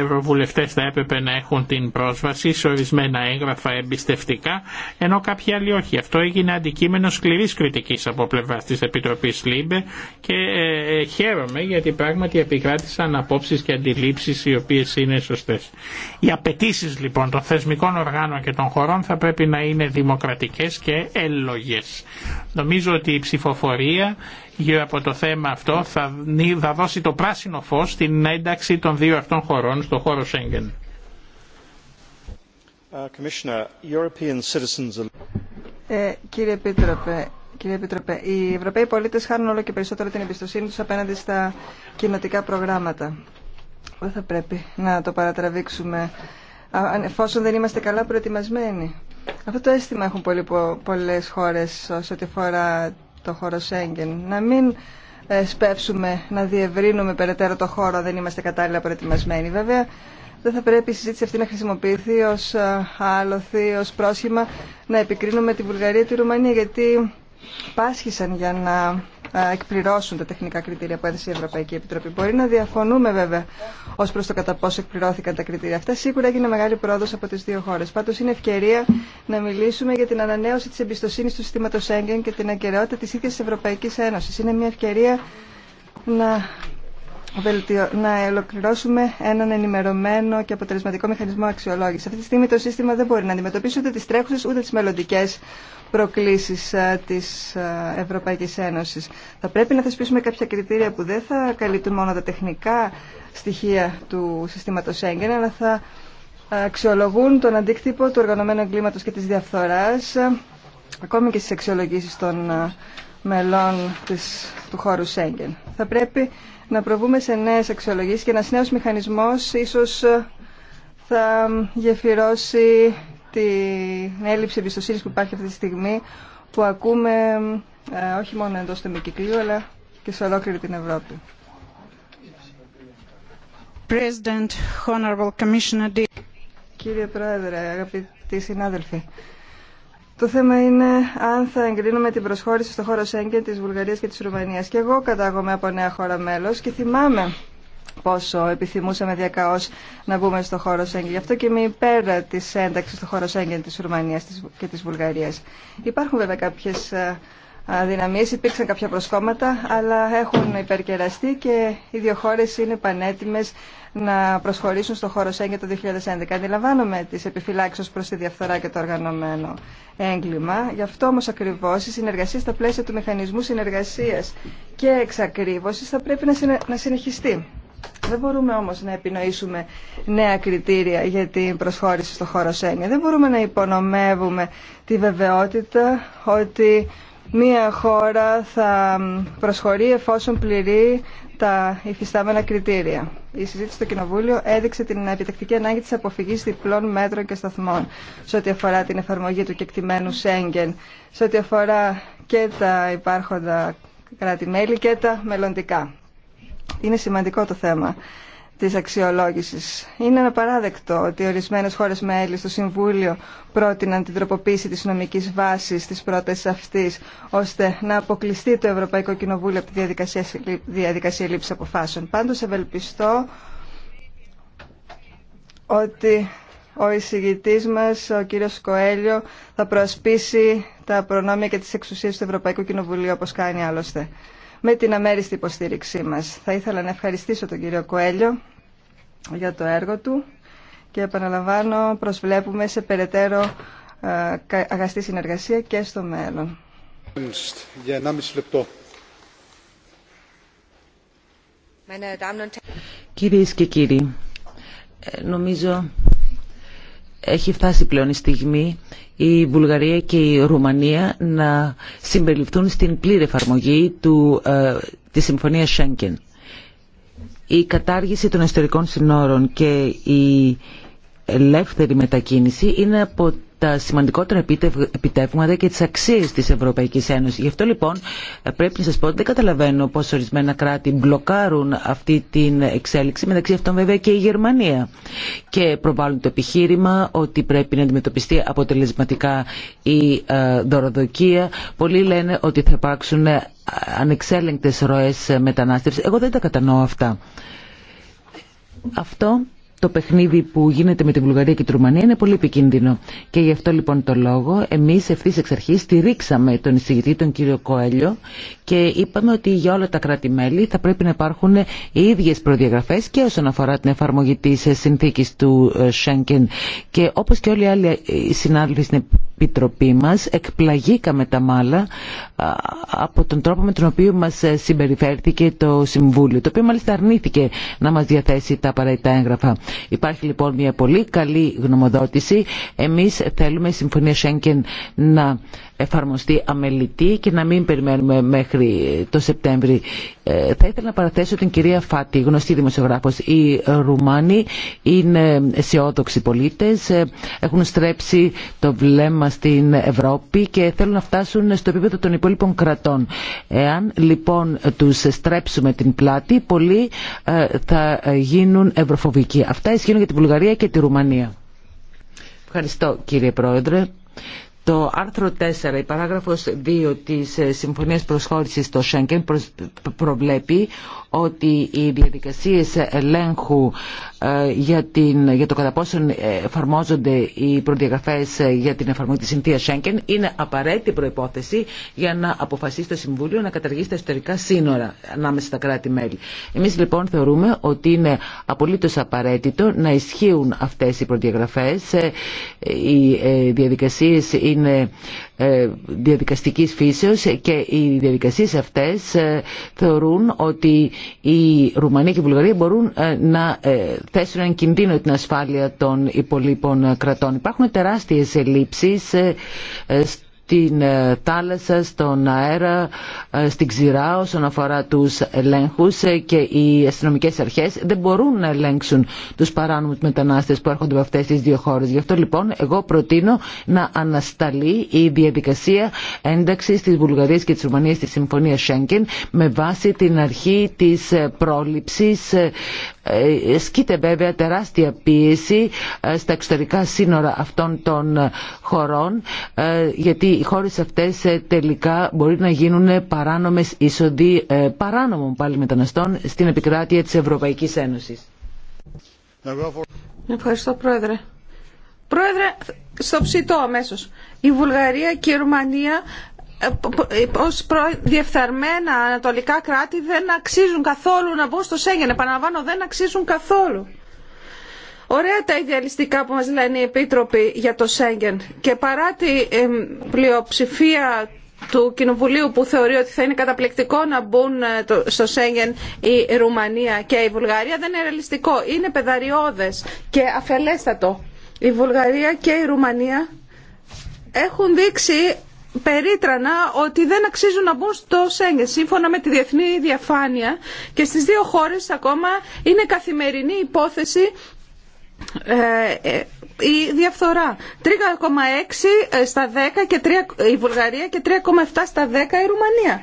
ευρωβουλευτές θα έπρεπε να έχουν την πρόσβαση σε ορισμένα έγγραφα εμπιστευτικά, ενώ κάποιοι άλλοι όχι. Αυτό έγινε αντικείμενο σκληρής κριτικής από πλευράς της Επιτροπής ΛΥΜΠΕ και ε, ε, χαίρομαι γιατί πράγματι επικράτησαν απόψεις και αντιλήψεις οι οποίες είναι σωστές. Οι απαιτήσει λοιπόν των θεσμικών οργάνων και των χωρών θα πρέπει να είναι δημοκρατικές και έλογες. Νομίζω ότι η ψηφοφορία γύρω από το θέμα αυτό θα, θα δώσει το πράσινο φως στην ένταξη των δύο αυτών χωρών στο χώρο Σέγγεν. Uh, ε, κύριε Επίτροπε, Κύριε οι Ευρωπαίοι πολίτες χάνουν όλο και περισσότερο την εμπιστοσύνη τους απέναντι στα κοινοτικά προγράμματα. Δεν θα πρέπει να το παρατραβήξουμε εφόσον δεν είμαστε καλά προετοιμασμένοι. Αυτό το αίσθημα έχουν πολλές χώρες όσο ό,τι αφορά το χώρο Σέγγεν. Να μην ε, σπεύσουμε να διευρύνουμε περαιτέρω το χώρο, δεν είμαστε κατάλληλα προετοιμασμένοι. Βέβαια, δεν θα πρέπει η συζήτηση αυτή να χρησιμοποιηθεί ω ε, άλοθη, ω πρόσχημα να επικρίνουμε τη Βουλγαρία και τη Ρουμανία, γιατί πάσχησαν για να εκπληρώσουν τα τεχνικά κριτήρια που έθεσε η Ευρωπαϊκή Επιτροπή. Μπορεί να διαφωνούμε βέβαια ω προ το κατά πόσο εκπληρώθηκαν τα κριτήρια αυτά. Σίγουρα έγινε μεγάλη πρόοδο από τι δύο χώρε. Πάντω είναι ευκαιρία να μιλήσουμε για την ανανέωση τη εμπιστοσύνη του συστήματο Σέγγεν και την ακαιρεότητα τη ίδια τη Ευρωπαϊκή Ένωση. Είναι μια ευκαιρία να να ολοκληρώσουμε έναν ενημερωμένο και αποτελεσματικό μηχανισμό αξιολόγηση. Αυτή τη στιγμή το σύστημα δεν μπορεί να αντιμετωπίσει ούτε τι τρέχουσε ούτε τι μελλοντικέ προκλήσεις ε, της ε, Ευρωπαϊκής Ένωσης. Θα πρέπει να θεσπίσουμε κάποια κριτήρια που δεν θα καλύπτουν μόνο τα τεχνικά στοιχεία του συστήματος έγκαινα, αλλά θα αξιολογούν τον αντίκτυπο του οργανωμένου εγκλήματος και της διαφθοράς, ε, ακόμη και στις αξιολογήσεις των μελών της, του χώρου Σέγγεν. Θα πρέπει να προβούμε σε νέες αξιολογήσεις και ένας νέος μηχανισμός ίσως θα γεφυρώσει την έλλειψη εμπιστοσύνη που υπάρχει αυτή τη στιγμή που ακούμε ε, όχι μόνο εντός του Μικυκλίου αλλά και σε ολόκληρη την Ευρώπη. President, Honorable Commissioner... Κύριε Πρόεδρε, αγαπητοί συνάδελφοι, το θέμα είναι αν θα εγκρίνουμε την προσχώρηση στο χώρο Σέγγεν της Βουλγαρίας και της Ρουμανίας. Και εγώ κατάγομαι από νέα χώρα μέλος και θυμάμαι πόσο επιθυμούσαμε διακαώς να μπούμε στο χώρο Σέγγεν. Γι' αυτό και με υπέρ τη ένταξη στο χώρο Σέγγεν τη Ρουμανία και τη Βουλγαρίας. Υπάρχουν βέβαια κάποιε αδυναμίε, υπήρξαν κάποια προσκόμματα, αλλά έχουν υπερκεραστεί και οι δύο χώρε είναι πανέτοιμε να προσχωρήσουν στο χώρο Σέγγεν το 2011. Αντιλαμβάνομαι τι επιφυλάξει προ τη διαφθορά και το οργανωμένο έγκλημα. Γι' αυτό όμω ακριβώ η συνεργασία στα πλαίσια του μηχανισμού συνεργασία και εξακρίβωση θα πρέπει να συνεχιστεί. Δεν μπορούμε όμως να επινοήσουμε νέα κριτήρια για την προσχώρηση στο χώρο Σέγγεν. Δεν μπορούμε να υπονομεύουμε τη βεβαιότητα ότι μία χώρα θα προσχωρεί εφόσον πληρεί τα υφιστάμενα κριτήρια. Η συζήτηση στο Κοινοβούλιο έδειξε την επιτακτική ανάγκη της αποφυγή διπλών μέτρων και σταθμών σε ό,τι αφορά την εφαρμογή του κεκτημένου Σέγγεν, σε ό,τι αφορά και τα υπάρχοντα κράτη-μέλη και τα μελλοντικά. Είναι σημαντικό το θέμα της αξιολόγησης. Είναι παράδεκτο ότι ορισμένες χώρες μέλη στο Συμβούλιο πρότειναν την τροποποίηση της νομικής βάσης της πρότασης αυτής, ώστε να αποκλειστεί το Ευρωπαϊκό Κοινοβούλιο από τη διαδικασία, διαδικασία λήψης αποφάσεων. Πάντως ευελπιστώ ότι ο εισηγητής μας, ο κύριος Κοέλιο, θα προασπίσει τα προνόμια και τις εξουσίες του Ευρωπαϊκού Κοινοβουλίου, όπως κάνει άλλωστε με την αμέριστη υποστήριξή μας. Θα ήθελα να ευχαριστήσω τον κύριο Κοέλιο για το έργο του και επαναλαμβάνω προσβλέπουμε σε περαιτέρω ε, αγαστή συνεργασία και στο μέλλον. Για και κύριοι, ε, νομίζω έχει φτάσει πλέον η στιγμή η Βουλγαρία και η Ρουμανία να συμπεριληφθούν στην πλήρη εφαρμογή του, ε, της Συμφωνίας Σέγγεν. Η κατάργηση των ιστορικών συνόρων και η ελεύθερη μετακίνηση είναι από τα σημαντικότερα επιτεύγματα και τις αξίες της Ευρωπαϊκής Ένωσης. Γι' αυτό λοιπόν πρέπει να σας πω ότι δεν καταλαβαίνω πως ορισμένα κράτη μπλοκάρουν αυτή την εξέλιξη, μεταξύ αυτών βέβαια και η Γερμανία. Και προβάλλουν το επιχείρημα ότι πρέπει να αντιμετωπιστεί αποτελεσματικά η ε, δωροδοκία. Πολλοί λένε ότι θα υπάρξουν ε, ανεξέλεγκτες ροές ε, μετανάστευσης. Εγώ δεν τα κατανοώ αυτά. Αυτό το παιχνίδι που γίνεται με τη Βουλγαρία και τη Ρουμανία είναι πολύ επικίνδυνο. Και γι' αυτό λοιπόν το λόγο εμείς ευθύ εξ αρχή στηρίξαμε τον εισηγητή τον κύριο Κοέλιο και είπαμε ότι για όλα τα κράτη-μέλη θα πρέπει να υπάρχουν οι ίδιες προδιαγραφές και όσον αφορά την εφαρμογή της συνθήκης του ε, Σέγγεν. Και όπως και όλοι οι άλλοι ε, συνάδελφοι στην Επιτροπή μας, εκπλαγήκαμε τα μάλα από τον τρόπο με τον οποίο μας ε, συμπεριφέρθηκε το Συμβούλιο, το οποίο μάλιστα αρνήθηκε να μας διαθέσει τα απαραίτητα έγγραφα. Υπάρχει λοιπόν μια πολύ καλή γνωμοδότηση. Εμείς θέλουμε η Συμφωνία Σέγγεν να εφαρμοστεί αμελητή και να μην περιμένουμε μέχρι το Σεπτέμβρη. Ε, θα ήθελα να παραθέσω την κυρία Φάτη, γνωστή δημοσιογράφος. Οι Ρουμάνοι είναι αισιόδοξοι πολίτες, ε, έχουν στρέψει το βλέμμα στην Ευρώπη και θέλουν να φτάσουν στο επίπεδο των υπόλοιπων κρατών. Εάν λοιπόν τους στρέψουμε την πλάτη, πολλοί ε, θα γίνουν ευρωφοβικοί. Αυτά ισχύουν για την Βουλγαρία και τη Ρουμανία. Ευχαριστώ κύριε Πρόεδρε. Το άρθρο 4, η παράγραφος 2 της ε, Συμφωνίας Προσχώρησης στο Σέγγεν προβλέπει ότι οι διαδικασίες ελέγχου ε, για, την, για το κατά πόσον εφαρμόζονται οι προδιαγραφές ε, για την εφαρμογή της συνθήκης Σέγγεν είναι απαραίτητη προϋπόθεση για να αποφασίσει το Συμβούλιο να καταργήσει τα εσωτερικά σύνορα ανάμεσα στα κράτη-μέλη. Εμείς λοιπόν θεωρούμε ότι είναι απολύτως απαραίτητο να ισχύουν αυτές οι προδιαγραφές. Ε, οι διαδικασίες είναι διαδικαστικής φύσεως και οι διαδικασίες αυτές θεωρούν ότι η Ρουμανία και η Βουλγαρία μπορούν να θέσουν εν κινδύνο την ασφάλεια των υπολείπων κρατών. Υπάρχουν τεράστιες ελλείψεις ε, ε, στην ε, θάλασσα, στον αέρα, στην ξηρά όσον αφορά τους ελέγχους και οι αστυνομικέ αρχές δεν μπορούν να ελέγξουν τους παράνομους μετανάστες που έρχονται από αυτές τις δύο χώρες. Γι' αυτό λοιπόν εγώ προτείνω να ανασταλεί η διαδικασία ένταξη της Βουλγαρίας και τη Ρουμανίας στη Συμφωνία Σέγγεν με βάση την αρχή της πρόληψης Σκείται βέβαια τεράστια πίεση ε, στα εξωτερικά σύνορα αυτών των ε, χωρών ε, γιατί οι χώρες αυτές τελικά μπορεί να γίνουν παράνομες εισοδοί παράνομων πάλι μεταναστών στην επικράτεια της Ευρωπαϊκής Ένωσης. Ευχαριστώ Πρόεδρε. Πρόεδρε, στο ψητό αμέσως. Η Βουλγαρία και η Ρουμανία ως διεφθαρμένα ανατολικά κράτη δεν αξίζουν καθόλου να μπουν στο Σέγγεν. Επαναλαμβάνω, δεν αξίζουν καθόλου. Ωραία τα ιδεαλιστικά που μας λένε οι επίτροποι για το Σέγγεν και παρά τη πλειοψηφία του Κοινοβουλίου που θεωρεί ότι θα είναι καταπληκτικό να μπουν ε, στο Σέγγεν η Ρουμανία και η Βουλγαρία δεν είναι ρεαλιστικό. Είναι πεδαριώδες και αφελέστατο. Η Βουλγαρία και η Ρουμανία έχουν δείξει περίτρανα ότι δεν αξίζουν να μπουν στο Σέγγεν. Σύμφωνα με τη διεθνή διαφάνεια και στις δύο χώρες ακόμα είναι καθημερινή υπόθεση ε, ε, η διαφθορά. 3,6 ε, στα 10 και 3, η Βουλγαρία και 3,7 στα 10 η Ρουμανία.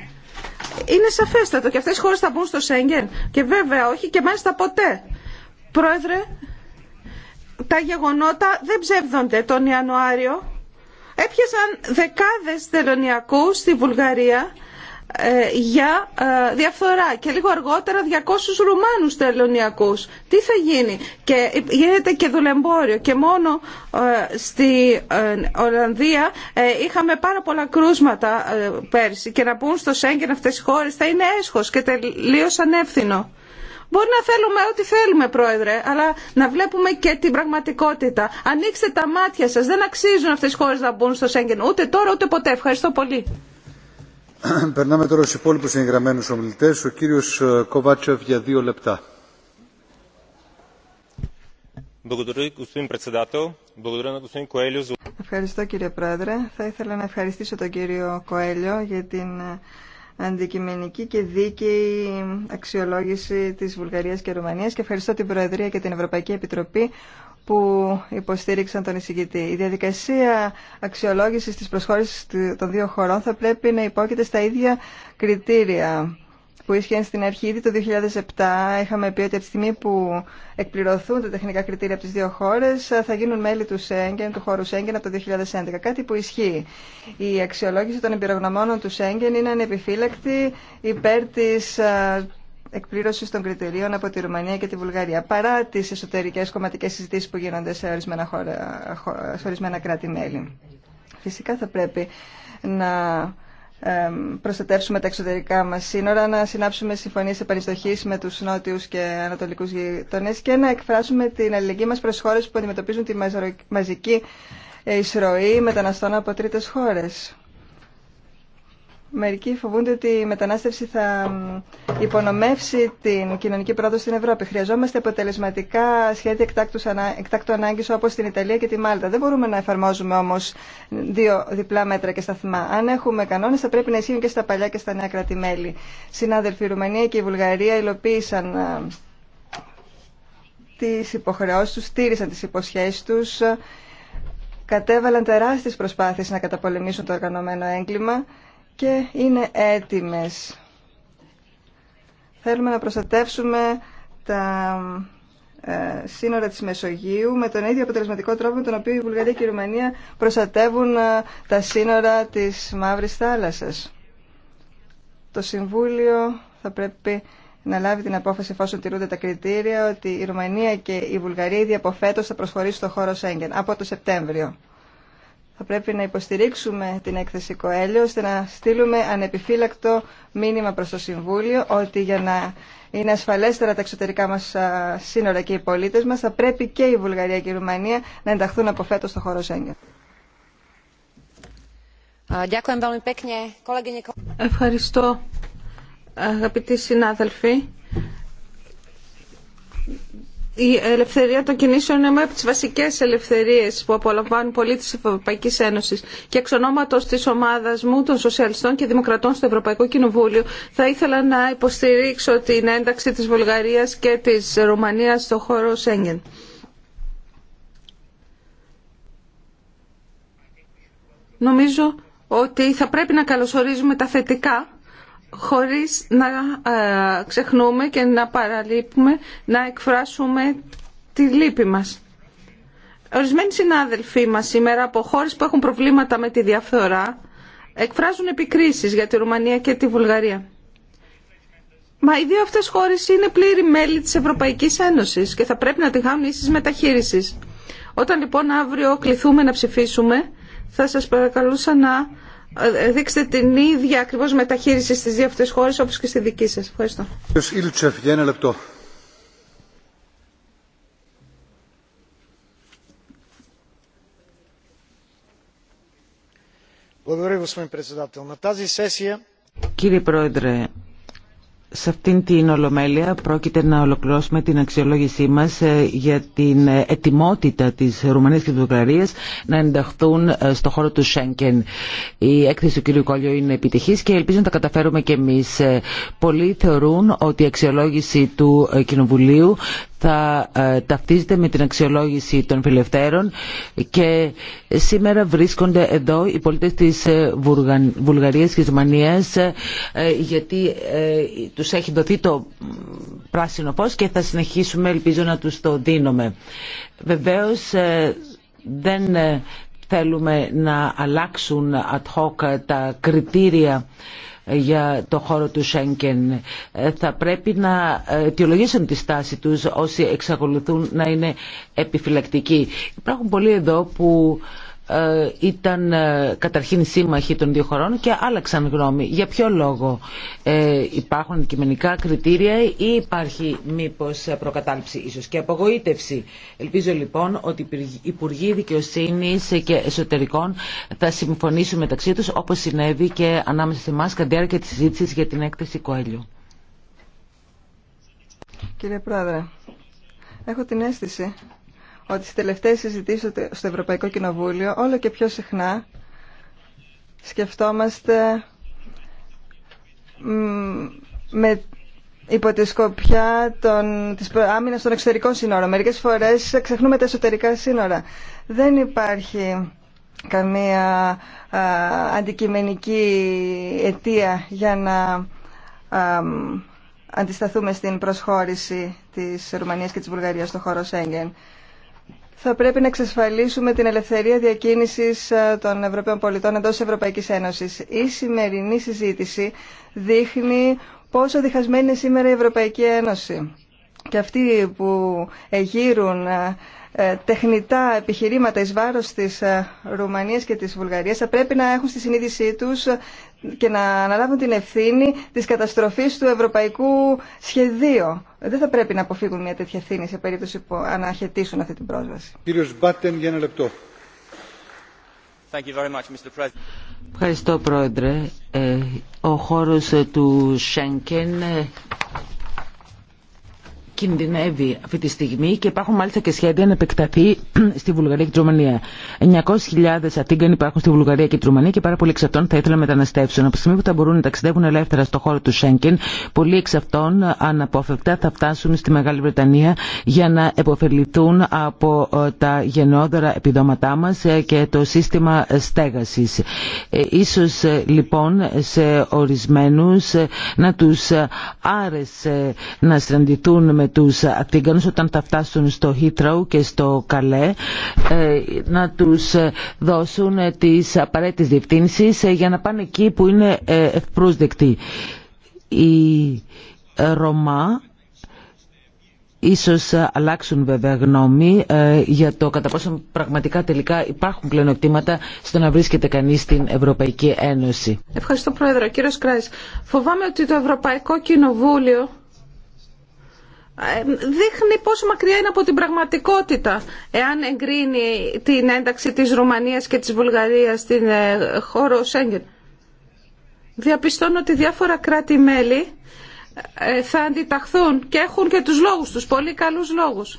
Είναι σαφέστατο και αυτές οι χώρες θα μπουν στο Σέγγεν. Και βέβαια όχι και μάλιστα ποτέ. Πρόεδρε, τα γεγονότα δεν ψεύδονται τον Ιανουάριο έπιασαν δεκάδες τελωνιακούς στη Βουλγαρία ε, για ε, διαφθορά και λίγο αργότερα 200 Ρουμάνους τελωνιακούς. Τι θα γίνει και γίνεται και δουλεμπόριο και μόνο ε, στη Ολλανδία είχαμε πάρα πολλά κρούσματα πέρσι και να πούν στο Σέγγεν αυτές οι χώρες θα είναι έσχος και τελείως ανεύθυνο. Μπορεί να θέλουμε ό,τι θέλουμε, Πρόεδρε, αλλά να βλέπουμε και την πραγματικότητα. Ανοίξτε τα μάτια σας. Δεν αξίζουν αυτές οι χώρε να μπουν στο Σέγγεν. Ούτε τώρα, ούτε ποτέ. Ευχαριστώ πολύ. Περνάμε τώρα στους υπόλοιπους εγγραμμένους ομιλητές. Ο κύριος ε, Κοβάτσεφ για δύο λεπτά. Ευχαριστώ κύριε Πρόεδρε. Θα ήθελα να ευχαριστήσω τον κύριο Κοέλιο για την αντικειμενική και δίκαιη αξιολόγηση της Βουλγαρίας και Ρουμανίας και ευχαριστώ την Προεδρία και την Ευρωπαϊκή Επιτροπή που υποστήριξαν τον εισηγητή. Η διαδικασία αξιολόγησης της προσχώρησης των δύο χωρών θα πρέπει να υπόκειται στα ίδια κριτήρια που ίσχυαν στην αρχή ήδη το 2007. Είχαμε πει ότι από τη στιγμή που εκπληρωθούν τα τεχνικά κριτήρια από τι δύο χώρε θα γίνουν μέλη του Σέγγεν, του χώρου Σέγγεν από το 2011. Κάτι που ισχύει. Η αξιολόγηση των εμπειρογνωμόνων του Σέγγεν είναι ανεπιφύλακτη υπέρ τη εκπλήρωση των κριτηρίων από τη Ρουμανία και τη Βουλγαρία, παρά τι εσωτερικέ κομματικέ συζητήσει που γίνονται σε ορισμένα, σε ορισμένα κράτη-μέλη. Φυσικά θα πρέπει να προστατεύσουμε τα εξωτερικά μα σύνορα, να συνάψουμε συμφωνίε επανιστοχής με του Νότιου και ανατολικού γειτονέ και να εκφράσουμε την αλληλεγγύη μα προς χώρες που αντιμετωπίζουν τη μαζική εισρωή μεταναστών από τρίτε χώρε. Μερικοί φοβούνται ότι η μετανάστευση θα υπονομεύσει την κοινωνική πρόοδο στην Ευρώπη. Χρειαζόμαστε αποτελεσματικά σχέδια εκτάκτου ανάγκη όπω στην Ιταλία και τη Μάλτα. Δεν μπορούμε να εφαρμόζουμε όμω δύο διπλά μέτρα και σταθμά. Αν έχουμε κανόνε θα πρέπει να ισχύουν και στα παλιά και στα νέα κράτη-μέλη. Συνάδελφοι, η Ρουμανία και η Βουλγαρία υλοποίησαν ε, τι υποχρεώσει του, στήρισαν τι υποσχέσει του, κατέβαλαν τεράστιε προσπάθειε να καταπολεμήσουν το οργανωμένο έγκλημα και είναι έτοιμες. Θέλουμε να προστατεύσουμε τα ε, σύνορα της Μεσογείου με τον ίδιο αποτελεσματικό τρόπο με τον οποίο η Βουλγαρία και η Ρουμανία προστατεύουν ε, τα σύνορα της Μαύρης Θάλασσας. Το Συμβούλιο θα πρέπει να λάβει την απόφαση εφόσον τηρούνται τα κριτήρια ότι η Ρουμανία και η Βουλγαρία ήδη από φέτος θα προσχωρήσουν στο χώρο Σέγγεν από το Σεπτέμβριο θα πρέπει να υποστηρίξουμε την έκθεση Κοέλιο ώστε να στείλουμε ανεπιφύλακτο μήνυμα προς το Συμβούλιο ότι για να είναι ασφαλέστερα τα εξωτερικά μας σύνορα και οι πολίτες μας θα πρέπει και η Βουλγαρία και η Ρουμανία να ενταχθούν από φέτος στο χώρο Σέγγεν. Ευχαριστώ αγαπητοί συνάδελφοι η ελευθερία των κινήσεων είναι μία από τι βασικέ ελευθερίε που απολαμβάνουν πολλοί τη Ευρωπαϊκή Ένωση Και εξ ονόματο της ομάδας μου των Σοσιαλιστών και Δημοκρατών στο Ευρωπαϊκό Κοινοβούλιο θα ήθελα να υποστηρίξω την ένταξη της Βουλγαρίας και της Ρουμανίας στο χώρο Σέγγεν. Νομίζω ότι θα πρέπει να καλωσορίζουμε τα θετικά χωρίς να ε, ξεχνούμε και να παραλείπουμε να εκφράσουμε τη λύπη μας. Ορισμένοι συνάδελφοί μας σήμερα από χώρες που έχουν προβλήματα με τη διαφθορά εκφράζουν επικρίσεις για τη Ρουμανία και τη Βουλγαρία. Μα οι δύο αυτές χώρες είναι πλήρη μέλη της Ευρωπαϊκής Ένωσης και θα πρέπει να τη χάνουν ίσης μεταχείρισης. Όταν λοιπόν αύριο κληθούμε να ψηφίσουμε θα σας παρακαλούσα να ε, δείξτε την ίδια ακριβώς μεταχείριση στις δύο αυτές χώρες όπως και στη δική σας. Ευχαριστώ. Ήλτσεφ, για ένα λεπτό. Κύριε Πρόεδρε, σε αυτήν την Ολομέλεια πρόκειται να ολοκληρώσουμε την αξιολόγησή μας ε, για την ε, ετοιμότητα της Ρουμανίας και της Βουλγαρίας να ενταχθούν ε, στο χώρο του Σέγκεν. Η έκθεση του κ. Κόλλιο είναι επιτυχής και ελπίζω να τα καταφέρουμε και εμείς. Πολλοί θεωρούν ότι η αξιολόγηση του Κοινοβουλίου θα ε, ταυτίζεται με την αξιολόγηση των φιλευτέρων και σήμερα βρίσκονται εδώ οι πολίτες της ε, Βουλγαρίας και της Μανίας ε, γιατί τους έχει δοθεί το πράσινο φως και θα συνεχίσουμε ελπίζω να τους το δίνουμε. Βεβαίως δεν θέλουμε να αλλάξουν ad hoc τα κριτήρια για το χώρο του Σέγγεν. Ε, θα πρέπει να αιτιολογήσουν τη στάση τους όσοι εξακολουθούν να είναι επιφυλακτικοί. Υπάρχουν πολλοί εδώ που ε, ήταν ε, καταρχήν σύμμαχοι των δύο χωρών και άλλαξαν γνώμη. Για ποιο λόγο ε, υπάρχουν αντικειμενικά κριτήρια ή υπάρχει μήπως προκατάληψη ίσως και απογοήτευση. Ελπίζω λοιπόν ότι οι Υπουργοί Δικαιοσύνη και Εσωτερικών θα συμφωνήσουν μεταξύ τους όπως συνέβη και ανάμεσα σε εμάς κατά διάρκεια της για την έκθεση Κοέλιου. Κύριε Πρόεδρε, έχω την αίσθηση ότι στις τελευταίες συζητήσεις στο Ευρωπαϊκό Κοινοβούλιο όλο και πιο συχνά σκεφτόμαστε με υπό τη σκοπιά των, της άμυνας των εξωτερικών σύνορων. Μερικές φορές ξεχνούμε τα εσωτερικά σύνορα. Δεν υπάρχει καμία αντικειμενική αιτία για να αντισταθούμε στην προσχώρηση της Ρουμανίας και της Βουλγαρίας στο χώρο Σέγγεν θα πρέπει να εξασφαλίσουμε την ελευθερία διακίνησης ε, των Ευρωπαίων πολιτών εντός Ευρωπαϊκής Ένωσης. Η σημερινή συζήτηση δείχνει πόσο διχασμένη είναι σήμερα η Ευρωπαϊκή Ένωση. Και αυτοί που εγείρουν ε, ε, τεχνητά επιχειρήματα εις βάρος της Ρουμανίας και της Βουλγαρίας θα πρέπει να έχουν στη συνείδησή τους και να αναλάβουν την ευθύνη της καταστροφής του ευρωπαϊκού σχεδίου. Δεν θα πρέπει να αποφύγουν μια τέτοια ευθύνη σε περίπτωση που αναχαιτήσουν αυτή την πρόσβαση. Κύριος Μπάτεν, για ένα λεπτό. Ευχαριστώ, Πρόεδρε. Ε, ο χώρος του Σέγγεν ε, κινδυνεύει αυτή τη στιγμή και υπάρχουν μάλιστα και σχέδια να επεκταθεί στη Βουλγαρία και τη Ρουμανία. 900.000 Ατύγκαν υπάρχουν στη Βουλγαρία και τη Ρουμανία και πάρα πολλοί εξ αυτών θα ήθελαν να μεταναστεύσουν. Από τη στιγμή που θα μπορούν να ταξιδεύουν ελεύθερα στο χώρο του Σέγγεν, πολλοί εξ αυτών αναπόφευκτα θα φτάσουν στη Μεγάλη Βρετανία για να επωφεληθούν από ε, τα γενναιόδωρα επιδόματά μα ε, και το σύστημα στέγαση. Ε, σω λοιπόν σε ορισμένου να του άρεσε να συναντηθούν με τους ακτιγκανούς όταν θα φτάσουν στο Heathrow και στο Καλέ ε, να τους δώσουν τις απαραίτητες διευθύνσεις ε, για να πάνε εκεί που είναι ε, ευπρόσδεκτοι. Οι Ρωμά ίσως αλλάξουν βέβαια γνώμη για το κατά πόσο πραγματικά τελικά υπάρχουν πλεονεκτήματα στο να βρίσκεται κανείς στην Ευρωπαϊκή Ένωση. Ευχαριστώ Πρόεδρο. Κύριος Κράης, φοβάμαι ότι το Ευρωπαϊκό Κοινοβούλιο ε, δείχνει πόσο μακριά είναι από την πραγματικότητα εάν εγκρίνει την ένταξη της Ρουμανίας και της Βουλγαρίας στην ε, χώρο Σέγγεν. Διαπιστώνω ότι διάφορα κράτη-μέλη ε, θα αντιταχθούν και έχουν και τους λόγους τους, πολύ καλούς λόγους.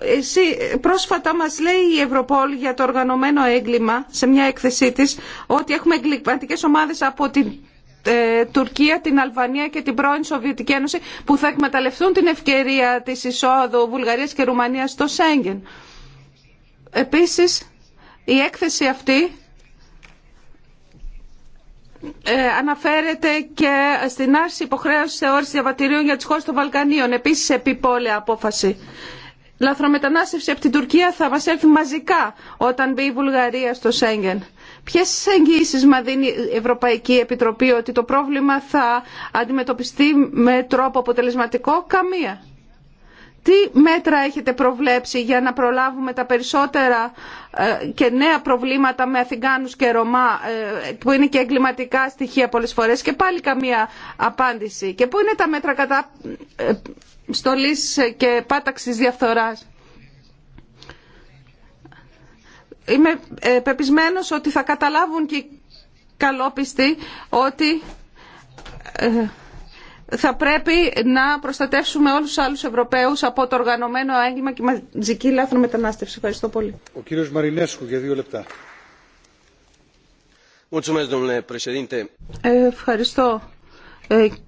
Εσύ, πρόσφατα μας λέει η Ευρωπόλ για το οργανωμένο έγκλημα σε μια έκθεσή της ότι έχουμε εγκληματικές ομάδες από την ε, Τουρκία, την Αλβανία και την πρώην Σοβιετική Ένωση που θα εκμεταλλευτούν την ευκαιρία της εισόδου Βουλγαρίας και Ρουμανίας στο Σέγγεν. Επίσης, η έκθεση αυτή ε, αναφέρεται και στην άρση υποχρέωση θεώρηση διαβατηρίων για τις χώρες των Βαλκανίων. Επίσης, επιπόλαια απόφαση. Λαθρομετανάστευση από την Τουρκία θα μας έρθει μαζικά όταν μπει η Βουλγαρία στο Σέγγεν Ποιε εγγύησει μα δίνει η Ευρωπαϊκή Επιτροπή ότι το πρόβλημα θα αντιμετωπιστεί με τρόπο αποτελεσματικό, καμία. Τι μέτρα έχετε προβλέψει για να προλάβουμε τα περισσότερα ε, και νέα προβλήματα με Αθηγάνους και Ρωμά ε, που είναι και εγκληματικά στοιχεία πολλές φορές και πάλι καμία απάντηση. Και πού είναι τα μέτρα κατά ε, στολής και πάταξης διαφθοράς. είμαι ε, πεπισμένος ότι θα καταλάβουν και οι καλόπιστοι ότι ε, θα πρέπει να προστατεύσουμε όλους τους άλλους Ευρωπαίους από το οργανωμένο έγκλημα και μαζική λάθρο μετανάστευση. Ευχαριστώ πολύ. Ο κύριος Μαρινέσκου για δύο λεπτά. Ε, ευχαριστώ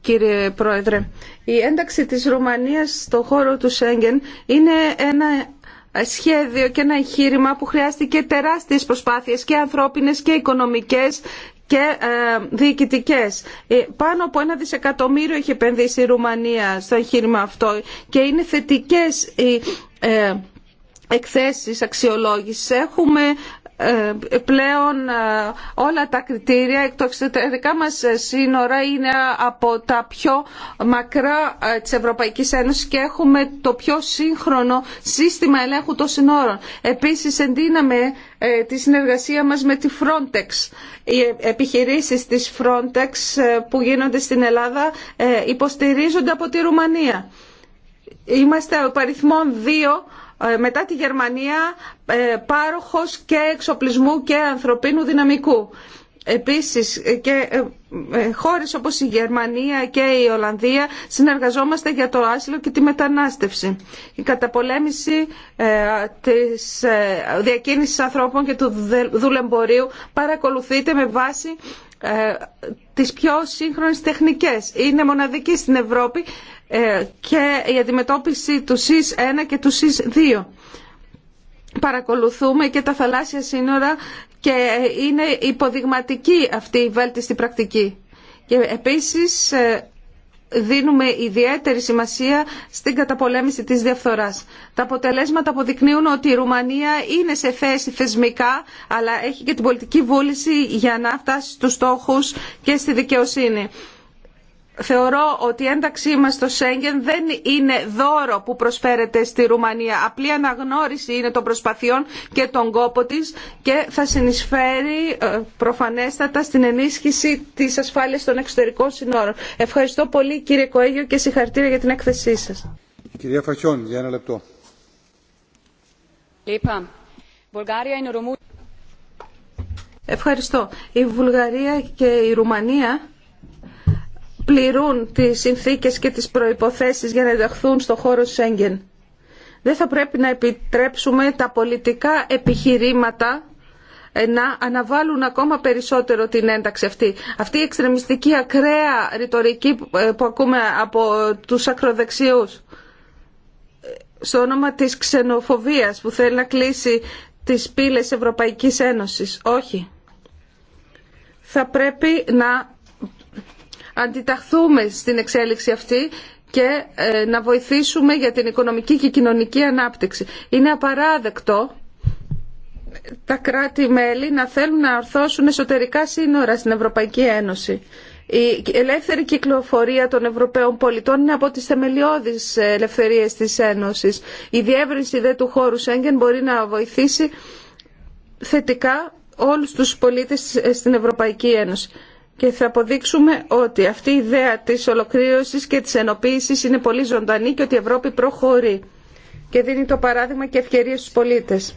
κύριε Πρόεδρε. Η ένταξη της Ρουμανίας στον χώρο του Σέγγεν είναι ένα σχέδιο και ένα εγχείρημα που χρειάστηκε τεράστιες προσπάθειες και ανθρώπινες και οικονομικές και ε, διοικητικέ. Ε, πάνω από ένα δισεκατομμύριο έχει επενδύσει η Ρουμανία στο εγχείρημα αυτό και είναι θετικές οι ε, εκθέσεις αξιολόγησης. Έχουμε ε, πλέον ε, όλα τα κριτήρια, το εξωτερικά μας ε, σύνορα είναι από τα πιο μακρά της Ευρωπαϊκής Ένωσης και έχουμε το πιο σύγχρονο σύστημα ελέγχου των σύνορων. Επίσης εντείναμε τη συνεργασία μας με τη Frontex. Οι επιχειρήσεις της Frontex που γίνονται στην Ελλάδα υποστηρίζονται από τη Ρουμανία. Είμαστε ο παριθμόν 2 ε, μετά τη Γερμανία ε, πάροχος και εξοπλισμού και ανθρωπίνου δυναμικού. Επίσης ε, και χώρες όπως η Γερμανία και η Ολλανδία συνεργαζόμαστε για το άσυλο και τη μετανάστευση. Η καταπολέμηση της διακίνησης ανθρώπων και του δουλεμπορίου παρακολουθείται με βάση ε, τις πιο σύγχρονες τεχνικές. Είναι μοναδική στην Ευρώπη ε, και η αντιμετώπιση του ΣΥΣ 1 και του ΣΥΣ 2. Παρακολουθούμε και τα θαλάσσια σύνορα και είναι υποδειγματική αυτή η βέλτιστη πρακτική. Και επίσης ε, δίνουμε ιδιαίτερη σημασία στην καταπολέμηση της διαφθοράς. Τα αποτελέσματα αποδεικνύουν ότι η Ρουμανία είναι σε θέση θεσμικά, αλλά έχει και την πολιτική βούληση για να φτάσει στους στόχους και στη δικαιοσύνη. Θεωρώ ότι η ένταξή μας στο Σέγγεν δεν είναι δώρο που προσφέρεται στη Ρουμανία. Απλή αναγνώριση είναι των προσπαθειών και τον κόπο της και θα συνεισφέρει ε, προφανέστατα στην ενίσχυση της ασφάλειας των εξωτερικών συνόρων. Ευχαριστώ πολύ κύριε Κοέγιο και συγχαρητήρια για την έκθεσή σας. Κυρία Φαχιόν, για ένα Ευχαριστώ. Η Βουλγαρία και η Ρουμανία πληρούν τις συνθήκες και τις προϋποθέσεις για να ενταχθούν στο χώρο Σέγγεν. Δεν θα πρέπει να επιτρέψουμε τα πολιτικά επιχειρήματα ε, να αναβάλουν ακόμα περισσότερο την ένταξη αυτή. Αυτή η εξτρεμιστική ακραία ρητορική ε, που ακούμε από τους ακροδεξιούς στο όνομα της ξενοφοβίας που θέλει να κλείσει τις πύλες Ευρωπαϊκής Ένωσης. Όχι. Θα πρέπει να αντιταχθούμε στην εξέλιξη αυτή και ε, να βοηθήσουμε για την οικονομική και κοινωνική ανάπτυξη. Είναι απαράδεκτο τα κράτη-μέλη να θέλουν να ορθώσουν εσωτερικά σύνορα στην Ευρωπαϊκή Ένωση. Η ελεύθερη κυκλοφορία των Ευρωπαίων πολιτών είναι από τις θεμελιώδεις ελευθερίες της Ένωσης. Η διεύρυνση δε του χώρου Σέγγεν μπορεί να βοηθήσει θετικά όλους τους πολίτες στην Ευρωπαϊκή Ένωση και θα αποδείξουμε ότι αυτή η ιδέα της ολοκλήρωσης και της ενοποίησης είναι πολύ ζωντανή και ότι η Ευρώπη προχωρεί και δίνει το παράδειγμα και ευκαιρίες στους πολίτες.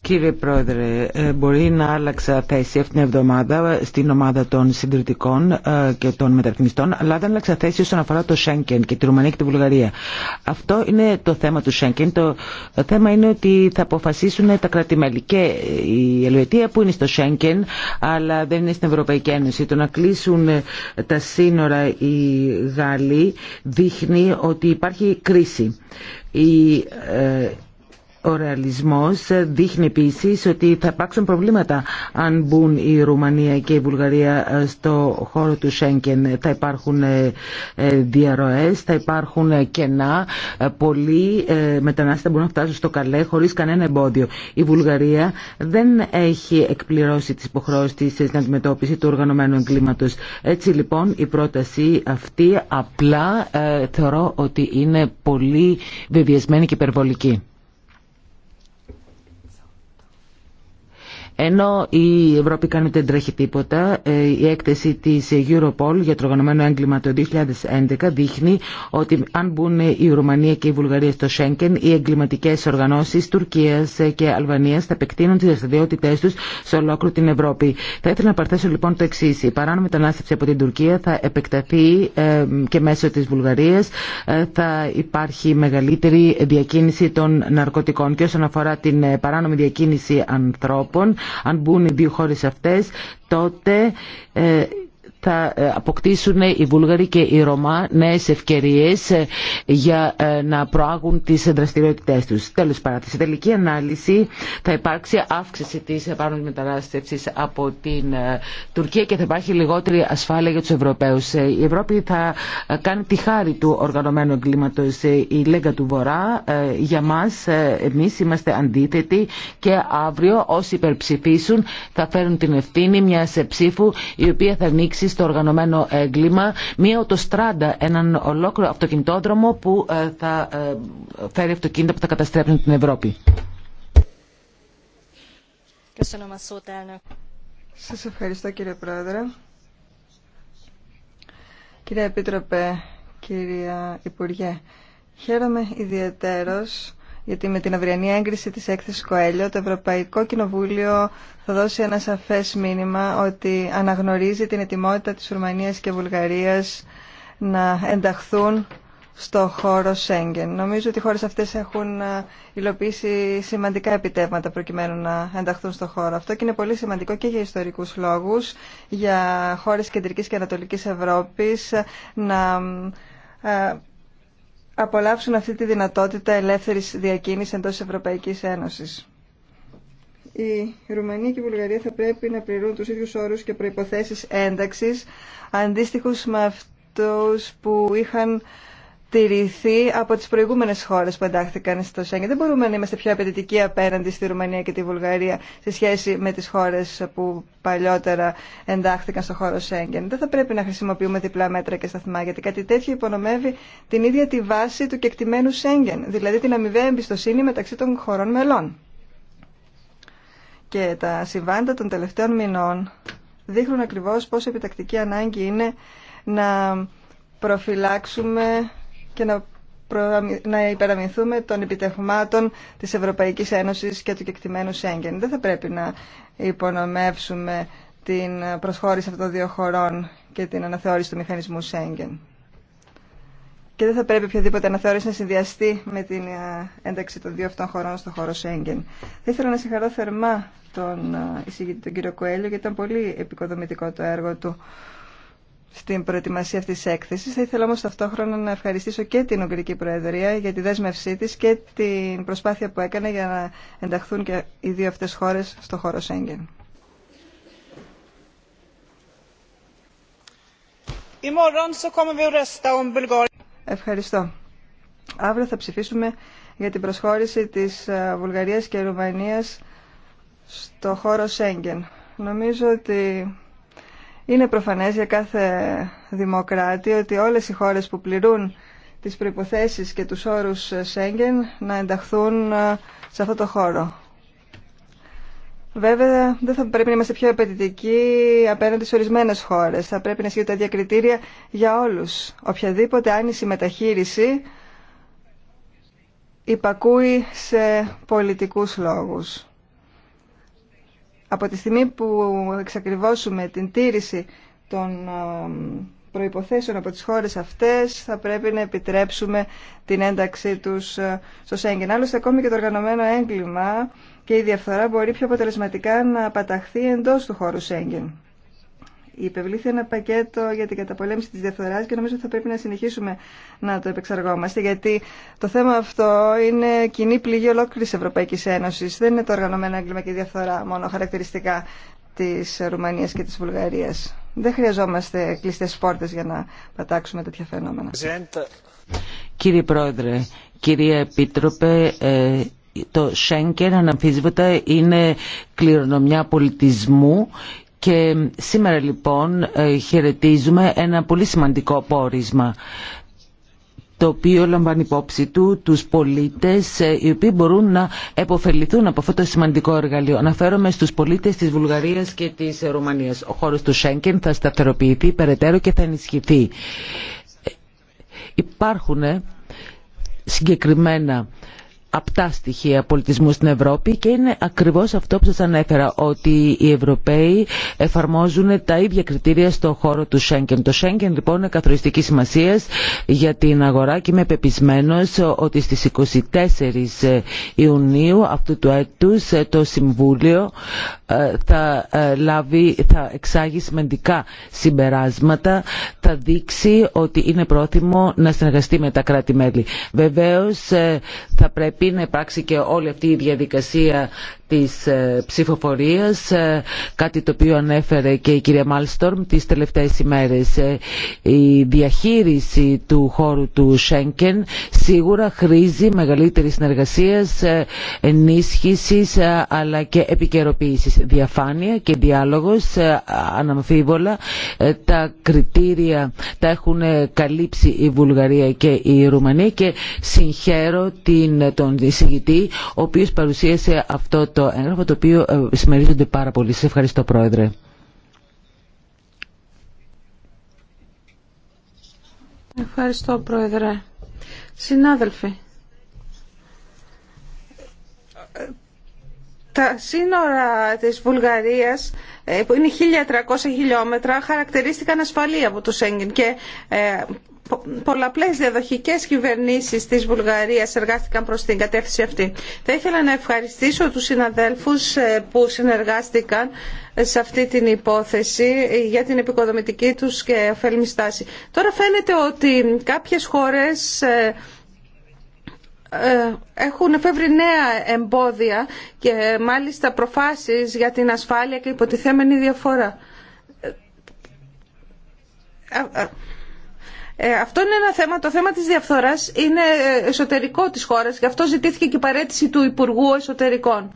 Κύριε Πρόεδρε, ε, μπορεί να άλλαξα θέση αυτήν την εβδομάδα στην ομάδα των συντηρητικών ε, και των μεταρρυθμιστών, αλλά δεν άλλαξα θέση όσον αφορά το Σέγγεν και τη Ρουμανία και τη Βουλγαρία. Αυτό είναι το θέμα του Σέγγεν. Το θέμα είναι ότι θα αποφασίσουν τα κράτη-μέλη. Και η Ελβετία που είναι στο Σέγγεν, αλλά δεν είναι στην Ευρωπαϊκή Ένωση. Το να κλείσουν ε, τα σύνορα οι Γάλλοι δείχνει ότι υπάρχει κρίση η ε, ο ρεαλισμός δείχνει επίσης ότι θα υπάρξουν προβλήματα αν μπουν η Ρουμανία και η Βουλγαρία ε, στο χώρο του Σέγγεν. Θα υπάρχουν ε, ε, διαρροές, θα υπάρχουν κενά. Πολλοί μετανάστες θα μπορούν να φτάσουν στο καλέ χωρίς κανένα εμπόδιο. Η Βουλγαρία δεν έχει εκπληρώσει τις υποχρεώσεις της στην αντιμετώπιση του οργανωμένου εγκλήματος. Έτσι λοιπόν η πρόταση αυτή απλά θεωρώ ότι είναι πολύ βεβαιασμένη και υπερβολική. Ενώ η Ευρώπη κάνει δεν τρέχει τίποτα, ε, η έκθεση της Europol για το οργανωμένο έγκλημα το 2011 δείχνει ότι αν μπουν η Ρουμανία και η Βουλγαρία στο Σέγγεν, οι εγκληματικές οργανώσεις Τουρκίας και Αλβανίας θα επεκτείνουν τις δραστηριότητε τους σε ολόκληρη την Ευρώπη. Θα ήθελα να παρθέσω λοιπόν το εξή. Η παράνομη μετανάστευση από την Τουρκία θα επεκταθεί ε, και μέσω της Βουλγαρίας. Ε, θα υπάρχει μεγαλύτερη διακίνηση των ναρκωτικών και όσον αφορά την παράνομη διακίνηση ανθρώπων αν μπουν οι δύο χώρες αυτές τότε ε, θα ε, αποκτήσουν οι Βούλγαροι και οι Ρωμά νέες ευκαιρίες ε, για ε, να προάγουν τις δραστηριότητές τους. Τέλος παρά, Στη τελική ανάλυση θα υπάρξει αύξηση της επάνω μετανάστευσης από την Τουρκία και θα υπάρχει λιγότερη ασφάλεια για τους Ευρωπαίους. Η Ευρώπη θα κάνει τη χάρη του οργανωμένου εγκλήματος. Η Λέγκα του Βορρά για μας, εμείς είμαστε αντίθετοι και αύριο όσοι υπερψηφίσουν θα φέρουν την ευθύνη μια ψήφου η οποία θα ανοίξει στο οργανωμένο έγκλημα, μια οτοστράντα, έναν ολόκληρο αυτοκινητόδρομο που ε, θα ε, φέρει αυτοκίνητα που θα καταστρέψουν την Ευρώπη. Σας ευχαριστώ κύριε Πρόεδρε. Κύριε Επίτροπε, κύριε Υπουργέ, χαίρομαι ιδιαίτερος γιατί με την αυριανή έγκριση της έκθεσης Κοέλιο το Ευρωπαϊκό Κοινοβούλιο θα δώσει ένα σαφές μήνυμα ότι αναγνωρίζει την ετοιμότητα της Ρουμανίας και Βουλγαρίας να ενταχθούν στο χώρο Σέγγεν. Νομίζω ότι οι χώρες αυτές έχουν ε, υλοποιήσει σημαντικά επιτεύγματα προκειμένου να ενταχθούν στο χώρο αυτό και είναι πολύ σημαντικό και για ιστορικούς λόγους, για χώρες κεντρικής και ανατολικής Ευρώπης να ε, απολαύσουν αυτή τη δυνατότητα ελεύθερης διακίνησης εντός της Ευρωπαϊκής Ένωσης. Η Ρουμανία και η Βουλγαρία θα πρέπει να πληρούν τους ίδιους όρους και προϋποθέσεις ένταξης αντίστοιχους με αυτούς που είχαν τηρηθεί από τις προηγούμενες χώρες που εντάχθηκαν στο Σέγγεν. Δεν μπορούμε να είμαστε πιο απαιτητικοί απέναντι στη Ρουμανία και τη Βουλγαρία σε σχέση με τις χώρες που παλιότερα εντάχθηκαν στο χώρο Σέγγεν. Δεν θα πρέπει να χρησιμοποιούμε διπλά μέτρα και σταθμά, γιατί κάτι τέτοιο υπονομεύει την ίδια τη βάση του κεκτημένου Σέγγεν, δηλαδή την αμοιβαία εμπιστοσύνη μεταξύ των χωρών μελών. Και τα συμβάντα των τελευταίων μηνών δείχνουν ακριβώς πόσο επιτακτική ανάγκη είναι να προφυλάξουμε και να, προ... υπεραμεινθούμε των επιτευχμάτων της Ευρωπαϊκής Ένωσης και του κεκτημένου Σέγγεν. Δεν θα πρέπει να υπονομεύσουμε την προσχώρηση αυτών των δύο χωρών και την αναθεώρηση του μηχανισμού Σέγγεν. Και δεν θα πρέπει οποιαδήποτε αναθεώρηση να συνδυαστεί με την ένταξη των δύο αυτών χωρών στο χώρο Σέγγεν. Θα ήθελα να συγχαρώ θερμά τον εισηγητή τον κύριο Κουέλιο γιατί ήταν πολύ επικοδομητικό το έργο του στην προετοιμασία αυτής της έκθεσης. Θα ήθελα όμως ταυτόχρονα να ευχαριστήσω και την Ουγγρική Προεδρία για τη δέσμευσή της και την προσπάθεια που έκανε για να ενταχθούν και οι δύο αυτές χώρες στο χώρο Σέγγεν. Ευχαριστώ. Αύριο θα ψηφίσουμε για την προσχώρηση της ε, Βουλγαρίας και Ρουμανίας στο χώρο Σέγγεν. Νομίζω ότι είναι προφανές για κάθε δημοκράτη ότι όλες οι χώρες που πληρούν τις προϋποθέσεις και τους όρους Σέγγεν να ενταχθούν ε, σε αυτό το χώρο. Βέβαια, δεν θα πρέπει να είμαστε πιο απαιτητικοί απέναντι σε ορισμένε χώρε. Θα πρέπει να ισχύουν τα διακριτήρια για όλου. Οποιαδήποτε άνηση μεταχείριση υπακούει σε πολιτικού λόγου από τη στιγμή που εξακριβώσουμε την τήρηση των ε, προϋποθέσεων από τις χώρες αυτές θα πρέπει να επιτρέψουμε την ένταξή τους ε, στο Σέγγεν. Άλλωστε ακόμη και το οργανωμένο έγκλημα και η διαφθορά μπορεί πιο αποτελεσματικά να παταχθεί εντός του χώρου Σέγγεν υπευλήθη ένα πακέτο για την καταπολέμηση της διαφθοράς και νομίζω ότι θα πρέπει να συνεχίσουμε να το επεξεργόμαστε γιατί το θέμα αυτό είναι κοινή πληγή ολόκληρης Ευρωπαϊκής Ένωσης. Δεν είναι το οργανωμένο έγκλημα και η διαφθορά μόνο χαρακτηριστικά της Ρουμανίας και της Βουλγαρίας. Δεν χρειαζόμαστε κλειστές πόρτες για να πατάξουμε τέτοια φαινόμενα. Κύριε Πρόεδρε, κυρία Επίτροπε, ε, το αναμφίσβητα είναι κληρονομιά πολιτισμού και σήμερα λοιπόν ε, χαιρετίζουμε ένα πολύ σημαντικό πόρισμα το οποίο λαμβάνει υπόψη του τους πολίτες ε, οι οποίοι μπορούν να επωφεληθούν από αυτό το σημαντικό εργαλείο. Αναφέρομαι στους πολίτες της Βουλγαρίας και της Ρουμανίας. Ο χώρος του Σέγκεν θα σταθεροποιηθεί περαιτέρω και θα ενισχυθεί. Ε, υπάρχουν συγκεκριμένα απτά στοιχεία πολιτισμού στην Ευρώπη και είναι ακριβώς αυτό που σας ανέφερα ότι οι Ευρωπαίοι εφαρμόζουν τα ίδια κριτήρια στο χώρο του Σέγγεν. Το Σέγγεν λοιπόν είναι καθοριστική σημασία για την αγορά και είμαι πεπισμένος ότι στις 24 ε, Ιουνίου αυτού του έτους ε, το Συμβούλιο ε, θα, λάβει, θα εξάγει σημαντικά συμπεράσματα θα δείξει ότι είναι πρόθυμο να συνεργαστεί με τα κράτη-μέλη. Βεβαίως θα πρέπει πριν να υπάρξει και όλη αυτή η διαδικασία της ε, ψηφοφορίας, ε, κάτι το οποίο ανέφερε και η κυρία Μάλστορμ τις τελευταίες ημέρες. Ε, η διαχείριση του χώρου του Σέγκεν σίγουρα χρήζει μεγαλύτερη συνεργασία, ενίσχυσης αλλά και επικαιροποίησης. Διαφάνεια και διάλογος, αναμφίβολα, τα κριτήρια τα έχουν καλύψει η Βουλγαρία και η Ρουμανία και συγχαίρω την, τον εισηγητή ο οποίος παρουσίασε αυτό το το έγγραφο το οποίο ε, συμμερίζονται πάρα πολύ. Σας ευχαριστώ Πρόεδρε. Ευχαριστώ Πρόεδρε. Συνάδελφοι, τα σύνορα της Βουλγαρίας ε, που είναι 1300 χιλιόμετρα χαρακτηρίστηκαν ασφαλή από το Σέγγεν και ε, πολλαπλές διαδοχικές κυβερνήσεις της Βουλγαρίας εργάστηκαν προς την κατεύθυνση αυτή. Θα ήθελα να ευχαριστήσω τους συναδέλφους ε, που συνεργάστηκαν ε, σε αυτή την υπόθεση ε, για την επικοδομητική τους και ωφέλιμη στάση. Τώρα φαίνεται ότι κάποιες χώρες έχουν εφεύρει νέα εμπόδια και μάλιστα προφάσεις για την ασφάλεια και υποτιθέμενη διαφορά ε, αυτό είναι ένα θέμα. Το θέμα της διαφθοράς είναι ε, εσωτερικό της χώρας. Γι' αυτό ζητήθηκε και η παρέτηση του Υπουργού Εσωτερικών.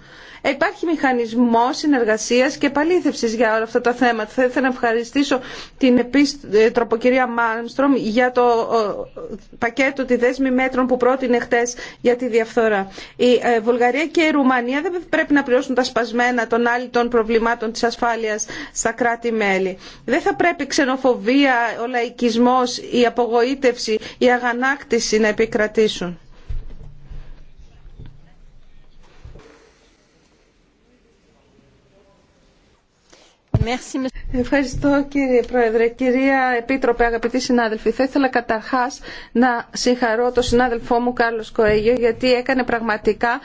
Υπάρχει μηχανισμό συνεργασία και επαλήθευση για όλα αυτά τα θέματα. Θα ήθελα να ευχαριστήσω την επίστροπο κυρία Μάλμστρομ για το πακέτο τη δέσμη μέτρων που πρότεινε χτε για τη διαφθορά. Η ε, Βουλγαρία και η Ρουμανία δεν πρέπει να πληρώσουν τα σπασμένα των άλλων των προβλημάτων τη ασφάλεια στα κράτη-μέλη. Δεν θα πρέπει ξενοφοβία, ο λαϊκισμό, η απογοήτευση, η αγανάκτηση να επικρατήσουν. Ευχαριστώ κύριε Πρόεδρε. Κυρία Επίτροπε, αγαπητοί συνάδελφοι, θα ήθελα καταρχάς να συγχαρώ τον συνάδελφό μου Κάρλος Κορέγιο γιατί έκανε πραγματικά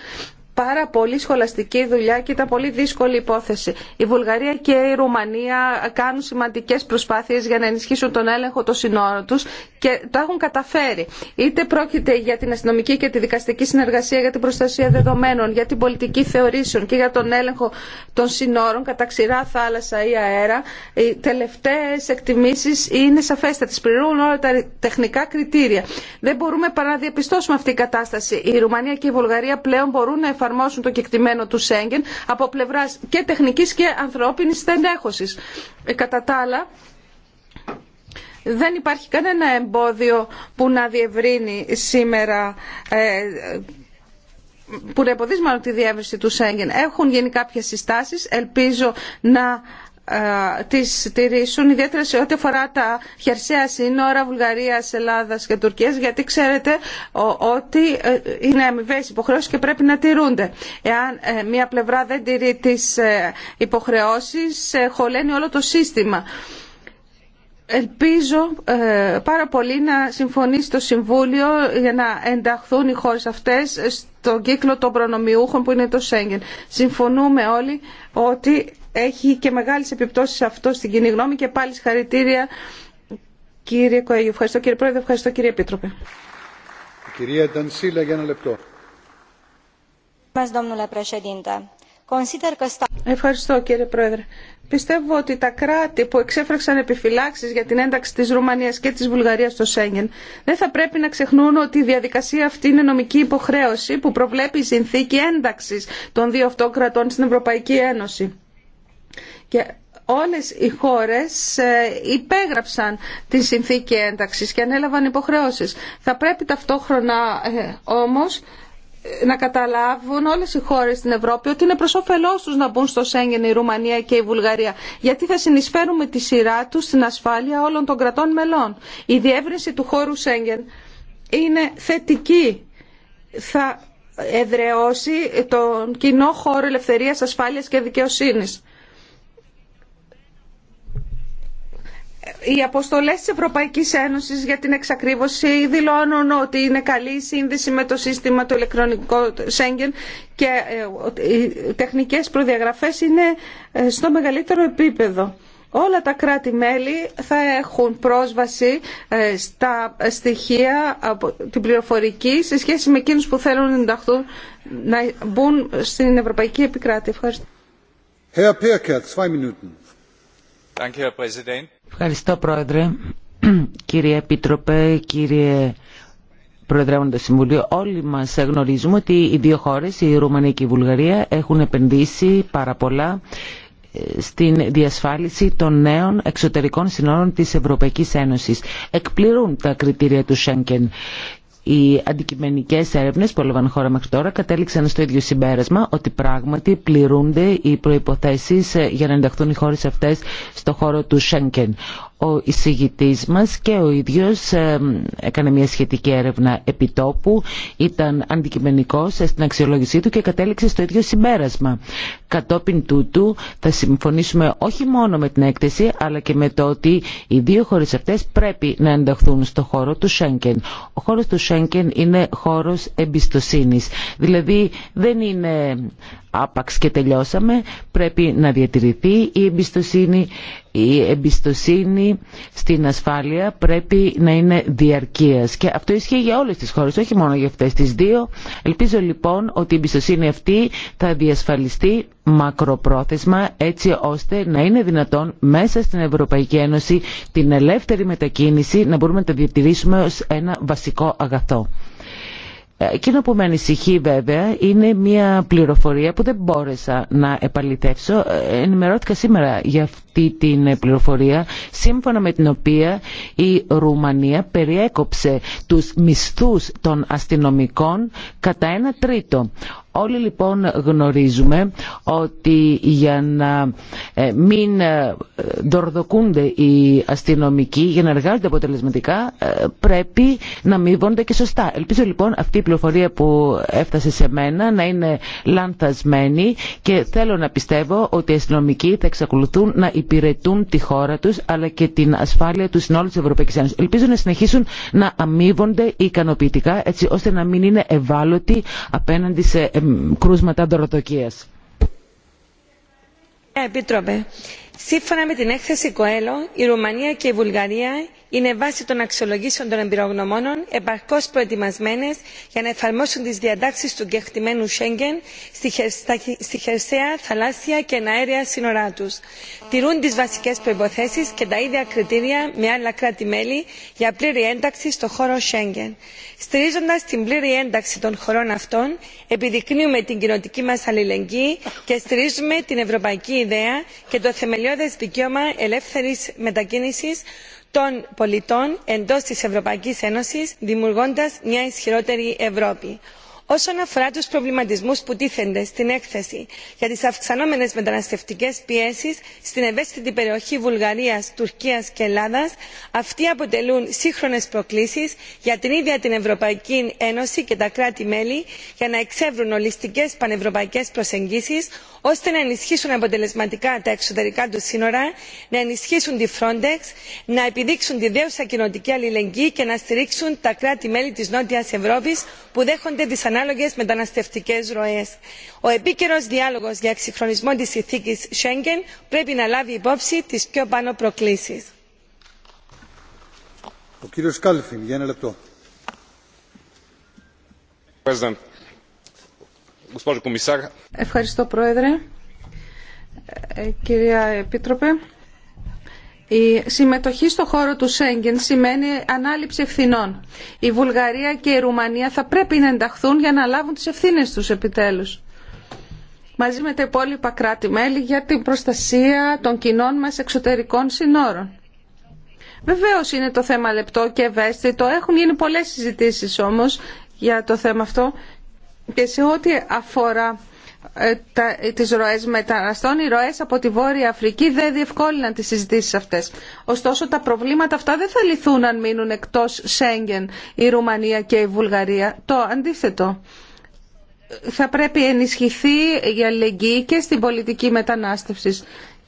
πάρα πολύ σχολαστική δουλειά και ήταν πολύ δύσκολη υπόθεση. Η Βουλγαρία και η Ρουμανία κάνουν σημαντικέ προσπάθειε για να ενισχύσουν τον έλεγχο των συνόρων του και το έχουν καταφέρει. Είτε πρόκειται για την αστυνομική και τη δικαστική συνεργασία για την προστασία δεδομένων, για την πολιτική θεωρήσεων και για τον έλεγχο των συνόρων κατά ξηρά θάλασσα ή αέρα. Οι τελευταίες εκτιμήσεις είναι σαφέστατες, πληρούν όλα τα τεχνικά κριτήρια. Δεν μπορούμε παρά να διαπιστώσουμε αυτή η αερα οι τελευταιε εκτιμησει ειναι σαφεστατε πληρουν ολα τα τεχνικα κριτηρια δεν μπορουμε παρα να διαπιστωσουμε αυτη Η Ρουμανία και η Βουλγαρία πλέον μπορούν να εφαρμόσουν εφαρμόσουν το κεκτημένο του Σέγγεν από πλευρά και τεχνική και ανθρώπινη στενέχωση. Ε, κατά τα άλλα, δεν υπάρχει κανένα εμπόδιο που να διευρύνει σήμερα ε, που να τη διεύρυνση του Σέγγεν. Έχουν γίνει κάποιες συστάσεις, ελπίζω να ε, τι τηρήσουν, ιδιαίτερα σε ό,τι αφορά τα χερσαία σύνορα Βουλγαρία, Ελλάδας και Τουρκίας, γιατί ξέρετε ότι ε, είναι αμοιβέ υποχρεώσει και πρέπει να τηρούνται. Εάν ε, μια πλευρά δεν τηρεί τις υποχρεώσεις, χωλαίνει όλο το σύστημα. Ελπίζω πάρα πολύ να συμφωνήσει το Συμβούλιο για να ενταχθούν οι χώρες αυτές στον κύκλο των προνομιούχων που είναι το Σέγγεν. Συμφωνούμε όλοι ότι έχει και μεγάλε επιπτώσει αυτό στην κοινή γνώμη και πάλι συγχαρητήρια κύριε Κοέγιο. Ευχαριστώ κύριε Πρόεδρε, ευχαριστώ κύριε Επίτροπε. κυρία Ντανσίλα για ένα λεπτό. Ευχαριστώ κύριε Πρόεδρε. Πιστεύω ότι τα κράτη που εξέφραξαν επιφυλάξεις για την ένταξη της Ρουμανίας και της Βουλγαρίας στο Σέγγεν δεν θα πρέπει να ξεχνούν ότι η διαδικασία αυτή είναι νομική υποχρέωση που προβλέπει η συνθήκη ένταξης των δύο αυτών κρατών στην Ευρωπαϊκή Ένωση. Και όλες οι χώρες ε, υπέγραψαν τη συνθήκη ένταξης και ανέλαβαν υποχρεώσεις. Θα πρέπει ταυτόχρονα ε, όμως ε, να καταλάβουν όλες οι χώρες στην Ευρώπη ότι είναι προς όφελός τους να μπουν στο Σέγγεν η Ρουμανία και η Βουλγαρία γιατί θα συνεισφέρουμε τη σειρά τους στην ασφάλεια όλων των κρατών μελών. Η διεύρυνση του χώρου Σέγγεν είναι θετική. Θα εδραιώσει τον κοινό χώρο ελευθερίας, ασφάλειας και δικαιοσύνης. οι αποστολές τη ευρωπαϊκή Ένωση για την εξακρίβωση δηλώνουν ότι είναι καλή η σύνδεση με το σύστημα του ηλεκτρονικού Σέγγεν και ε, οι τεχνικές προδιαγραφές είναι ε, στο μεγαλύτερο επίπεδο. Όλα τα κράτη-μέλη θα έχουν πρόσβαση ε, στα στοιχεία από την πληροφορική σε σχέση με εκείνους που θέλουν να ενταχθούν να μπουν στην Ευρωπαϊκή Επικράτη. Ευχαριστώ. Herr zwei Minuten. Danke, Herr Präsident. Ευχαριστώ Πρόεδρε, κύριε Επίτροπε, κύριε Προεδρεύοντα Συμβουλίου. Όλοι μας γνωρίζουμε ότι οι δύο χώρες, η Ρουμανία και η Βουλγαρία, έχουν επενδύσει πάρα πολλά ε, στην διασφάλιση των νέων εξωτερικών συνόρων της Ευρωπαϊκής Ένωσης. Εκπληρούν τα κριτήρια του Σέγγεν. Οι αντικειμενικέ έρευνε που έλαβαν χώρα μέχρι τώρα κατέληξαν στο ίδιο συμπέρασμα ότι πράγματι πληρούνται οι προποθέσει ε, για να ενταχθούν οι χώρε αυτέ στο χώρο του Σέγκεν. Ο εισηγητής μας και ο ίδιος ε, έκανε μια σχετική έρευνα επιτόπου, ήταν αντικειμενικός στην αξιολόγησή του και κατέληξε στο ίδιο συμπέρασμα. Κατόπιν τούτου θα συμφωνήσουμε όχι μόνο με την έκθεση αλλά και με το ότι οι δύο χώρες αυτές πρέπει να ενταχθούν στο χώρο του Σέγγεν. Ο χώρος του Σέγγεν είναι χώρος εμπιστοσύνης. Δηλαδή δεν είναι άπαξ και τελειώσαμε πρέπει να διατηρηθεί η εμπιστοσύνη η εμπιστοσύνη στην ασφάλεια πρέπει να είναι διαρκείας και αυτό ισχύει για όλες τις χώρες όχι μόνο για αυτές τις δύο ελπίζω λοιπόν ότι η εμπιστοσύνη αυτή θα διασφαλιστεί μακροπρόθεσμα έτσι ώστε να είναι δυνατόν μέσα στην Ευρωπαϊκή Ένωση την ελεύθερη μετακίνηση να μπορούμε να τα διατηρήσουμε ως ένα βασικό αγαθό ε, εκείνο που με ανησυχεί βέβαια είναι μια πληροφορία που δεν μπόρεσα να επαληθεύσω. Ε, ενημερώθηκα σήμερα για αυτή την πληροφορία σύμφωνα με την οποία η Ρουμανία περιέκοψε τους μισθούς των αστυνομικών κατά ένα τρίτο. Όλοι λοιπόν γνωρίζουμε ότι για να ε, μην δορδοκούνται ε, οι αστυνομικοί, για να εργάζονται αποτελεσματικά, ε, πρέπει να μοιβώνται και σωστά. Ελπίζω λοιπόν αυτή η πληροφορία που έφτασε σε μένα να είναι λανθασμένη και θέλω να πιστεύω ότι οι αστυνομικοί θα εξακολουθούν να υπηρετούν τη χώρα τους αλλά και την ασφάλεια του συνόλου της Ευρωπαϊκής Ένωσης. Ελπίζω να συνεχίσουν να αμείβονται ικανοποιητικά έτσι ώστε να μην είναι ευάλωτοι απέναντι σε κρούσματα δωροδοκίας. Ε, Επίτροπε, σύμφωνα με την έκθεση Κοέλο, η Ρουμανία και η Βουλγαρία είναι βάσει των αξιολογήσεων των εμπειρογνωμόνων επαρκώ προετοιμασμένε για να εφαρμόσουν τι διατάξει του κεκτημένου σέγγεν στη χερσαία θαλάσσια και εναέρια σύνορά του. τηρούν τι βασικέ προποθέσει και τα ίδια κριτήρια με άλλα κράτη μέλη για πλήρη ένταξη στον χώρο σέγγεν. στηρίζοντα την πλήρη ένταξη των χωρών αυτών επιδεικνύουμε την κοινοτική μα αλληλεγγύη και στηρίζουμε την ευρωπαϊκή ιδέα και το θεμελιώδε δικαίωμα ελεύθερη μετακίνηση των πολιτών εντός της ευρωπαϊκής ένωσης δημιουργώντας μια ισχυρότερη ευρώπη όσον αφορά του προβληματισμού που τίθενται στην έκθεση για τι αυξανόμενε μεταναστευτικέ πιέσει στην ευαίσθητη περιοχή βουλγαρία τουρκία και ελλάδα αυτοί αποτελούν σύγχρονε προκλήσει για την ίδια την ευρωπαϊκή ένωση και τα κράτη μέλη για να εξεύρουν ολιστικέ πανευρωπαϊκέ προσεγγίσει ώστε να ενισχύσουν αποτελεσματικά τα εξωτερικά του σύνορα να ενισχύσουν τη frontex να επιδείξουν τη δέουσα κοινοτική αλληλεγγύη και να στηρίξουν τα κράτη μέλη τη νότια ευρώπη που δέχονται τι παρανάλογε μεταναστευτικέ ροέ. ο επίκαιρο διάλογο για εξυγχρονισμό τη συνθήκη σέγγεν πρέπει να λάβει υπόψη τι πιο πάνω προκλήσει. Ευχαριστώ, Πρόεδρε. Ε, κυρία Επίτροπε, η συμμετοχή στο χώρο του Σέγγεν σημαίνει ανάληψη ευθυνών. Η Βουλγαρία και η Ρουμανία θα πρέπει να ενταχθούν για να λάβουν τις ευθύνες τους επιτέλους. Μαζί με τα υπόλοιπα κράτη-μέλη για την προστασία των κοινών μας εξωτερικών συνόρων. Βεβαίως είναι το θέμα λεπτό και ευαίσθητο. Έχουν γίνει πολλές συζητήσεις όμως για το θέμα αυτό και σε ό,τι αφορά ε, τις ροές μεταναστών, οι ροές από τη Βόρεια Αφρική δεν διευκόλυναν τις συζητήσεις αυτές. Ωστόσο τα προβλήματα αυτά δεν θα λυθούν αν μείνουν εκτός Σέγγεν η Ρουμανία και η Βουλγαρία. Το αντίθετο. Θα πρέπει ενισχυθεί η αλληλεγγύη και στην πολιτική μετανάστευση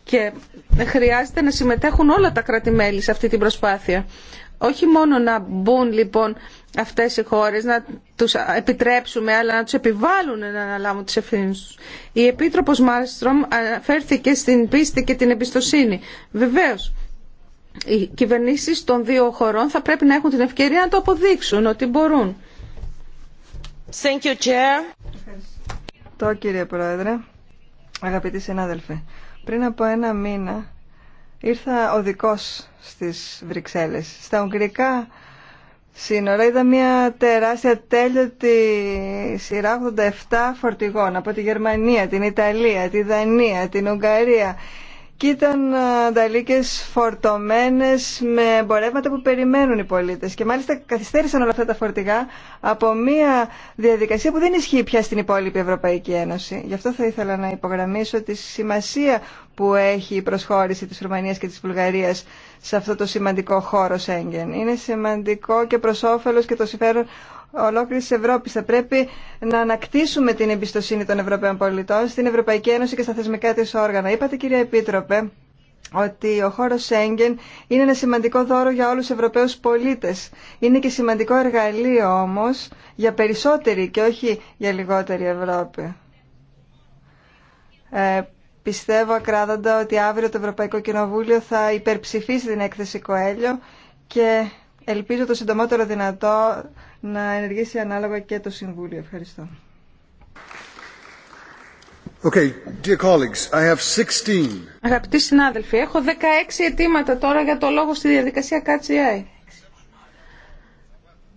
και χρειάζεται να συμμετέχουν όλα τα κράτη-μέλη σε αυτή την προσπάθεια. Όχι μόνο να μπουν λοιπόν αυτές οι χώρες, να τους επιτρέψουμε αλλά να τους επιβάλλουν να αναλάβουν τις ευθύνες τους. Η Επίτροπος Μάρστρομ αναφέρθηκε στην πίστη και την εμπιστοσύνη. Βεβαίως, οι κυβερνήσεις των δύο χωρών θα πρέπει να έχουν την ευκαιρία να το αποδείξουν ότι μπορούν. Thank you, Chair. Το κύριε Πρόεδρε, αγαπητοί συνάδελφοι, πριν από ένα μήνα ήρθα δικός στις Βρυξέλλες. Στα Ουγγρικά σύνορα είδα μια τεράστια τέλειωτη σειρά 87 φορτηγών από τη Γερμανία, την Ιταλία, τη Δανία, την Ουγγαρία, και ήταν ε, ανταλίκε φορτωμένες με εμπορεύματα που περιμένουν οι πολίτες. Και μάλιστα καθυστέρησαν όλα αυτά τα φορτηγά από μια διαδικασία που δεν ισχύει πια στην υπόλοιπη Ευρωπαϊκή Ένωση. Γι' αυτό θα ήθελα να υπογραμμίσω τη σημασία που έχει η προσχώρηση της Ρουμανίας και της Βουλγαρίας σε αυτό το σημαντικό χώρο Σέγγεν. Είναι σημαντικό και προς όφελος και το συμφέρον ολόκληρης Ευρώπης. Θα πρέπει να ανακτήσουμε την εμπιστοσύνη των Ευρωπαίων πολιτών στην Ευρωπαϊκή Ένωση και στα θεσμικά της όργανα. Είπατε κύριε Επίτροπε ότι ο χώρος Σέγγεν είναι ένα σημαντικό δώρο για όλους τους Ευρωπαίους πολίτες. Είναι και σημαντικό εργαλείο όμως για περισσότερη και όχι για λιγότερη Ευρώπη. Ε, πιστεύω ακράδαντα ότι αύριο το Ευρωπαϊκό Κοινοβούλιο θα υπερψηφίσει την έκθεση Κοέλιο και ελπίζω το συντομότερο δυνατό να ενεργήσει ανάλογα και το Συμβούλιο. Ευχαριστώ. Okay, dear colleagues, I have 16. Αγαπητοί συνάδελφοι, έχω 16 αιτήματα τώρα για το λόγο στη διαδικασία KGI.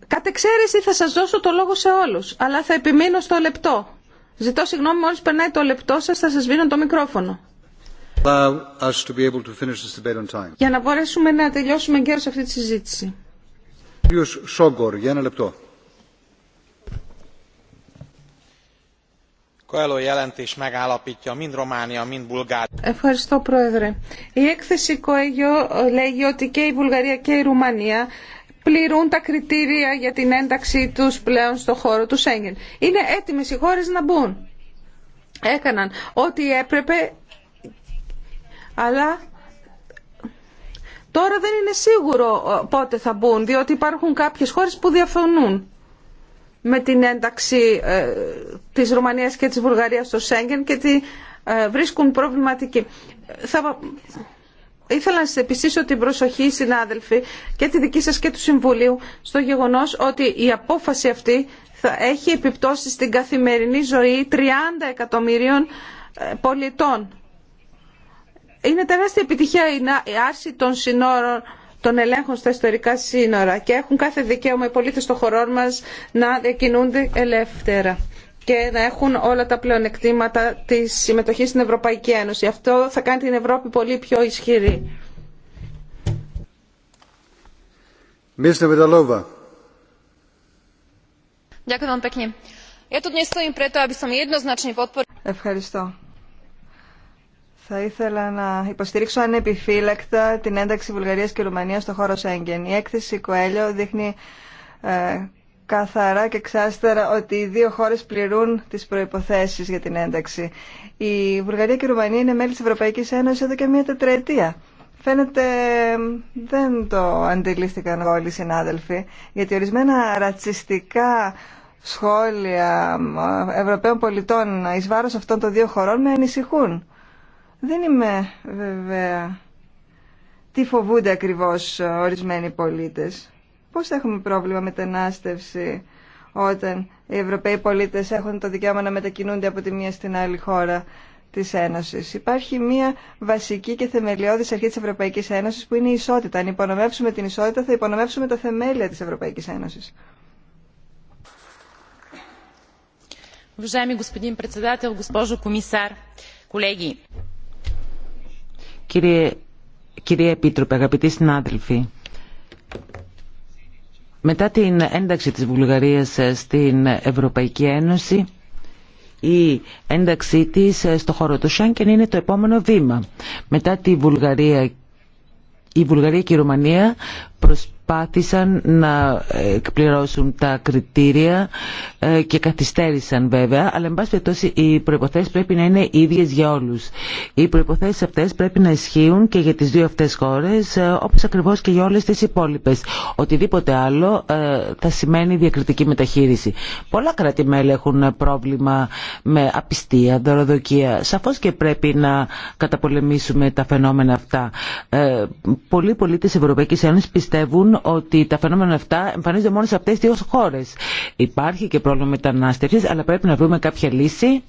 Κατ' εξαίρεση θα σας δώσω το λόγο σε όλους, αλλά θα επιμείνω στο λεπτό. Ζητώ συγγνώμη, μόλις περνάει το λεπτό σας θα σας βίνω το μικρόφωνο. Για να μπορέσουμε να τελειώσουμε γέρο αυτή τη συζήτηση. Ευχαριστώ Πρόεδρε. Η έκθεση Κοέγιο λέγει ότι και η Βουλγαρία και η Ρουμανία πληρούν τα κριτήρια για την ένταξή τους πλέον στο χώρο του Σέγγεν. Είναι έτοιμες οι χώρες να μπουν. Έκαναν ό,τι έπρεπε, αλλά Τώρα δεν είναι σίγουρο ε, πότε θα μπουν, διότι υπάρχουν κάποιες χώρες που διαφωνούν με την ένταξη ε, της Ρουμανίας και της Βουλγαρίας στο Σέγγεν και τη ε, βρίσκουν προβληματική. Θα... Ήθελα να σας επιστήσω την προσοχή, συνάδελφοι, και τη δική σας και του Συμβουλίου, στο γεγονός ότι η απόφαση αυτή θα έχει επιπτώσει στην καθημερινή ζωή 30 εκατομμυρίων πολιτών είναι τεράστια επιτυχία η άρση των συνόρων των ελέγχων στα ιστορικά σύνορα και έχουν κάθε δικαίωμα οι πολίτες των χωρών μας να διακινούνται ελεύθερα και να έχουν όλα τα πλεονεκτήματα της συμμετοχής στην Ευρωπαϊκή Ένωση. Αυτό θα κάνει την Ευρώπη πολύ πιο ισχυρή. Ευχαριστώ. Θα ήθελα να υποστηρίξω ανεπιφύλακτα την ένταξη Βουλγαρίας και Ρουμανίας στο χώρο Σέγγεν. Η έκθεση Κοέλιο δείχνει ε, καθαρά και ξάστερα ότι οι δύο χώρες πληρούν τις προϋποθέσεις για την ένταξη. Η Βουλγαρία και η Ρουμανία είναι μέλη της Ευρωπαϊκής Ένωσης εδώ και μία τετραετία. Φαίνεται δεν το αντιλήφθηκαν όλοι οι συνάδελφοι, γιατί ορισμένα ρατσιστικά σχόλια ε, Ευρωπαίων πολιτών εις βάρος αυτών των δύο χωρών με ανησυχούν. Δεν είμαι βέβαια τι φοβούνται ακριβώς ορισμένοι πολίτες. Πώς έχουμε πρόβλημα μετανάστευση όταν οι Ευρωπαίοι πολίτες έχουν το δικαίωμα να μετακινούνται από τη μία στην άλλη χώρα της Ένωσης. Υπάρχει μία βασική και θεμελιώδης αρχή της Ευρωπαϊκής Ένωσης που είναι η ισότητα. Αν υπονομεύσουμε την ισότητα θα υπονομεύσουμε τα θεμέλια της Ευρωπαϊκής Ένωσης. Κύριε, κύριε Επίτροπε, αγαπητοί συνάδελφοι, μετά την ένταξη της Βουλγαρίας στην Ευρωπαϊκή Ένωση, η ένταξή της στο χώρο του Σάνκεν είναι το επόμενο βήμα. Μετά τη Βουλγαρία, η Βουλγαρία και η Ρουμανία προσπαθούν προσπάθησαν να εκπληρώσουν τα κριτήρια ε, και καθυστέρησαν βέβαια, αλλά εν πάση περιπτώσει οι προϋποθέσεις πρέπει να είναι ίδιες για όλους. Οι προϋποθέσεις αυτές πρέπει να ισχύουν και για τις δύο αυτές χώρες, ε, όπως ακριβώς και για όλες τις υπόλοιπες. Οτιδήποτε άλλο ε, θα σημαίνει διακριτική μεταχείριση. Πολλά κράτη-μέλη έχουν πρόβλημα με απιστία, δωροδοκία. Σαφώς και πρέπει να καταπολεμήσουμε τα φαινόμενα αυτά. Πολλοί πολίτες Ευρωπαϊκής Ένωσης πιστεύουν ότι τα φαινόμενα αυτά εμφανίζονται μόνο σε αυτέ τι δύο χώρε. Υπάρχει και πρόβλημα μετανάστευση, αλλά πρέπει να βρούμε κάποια λύση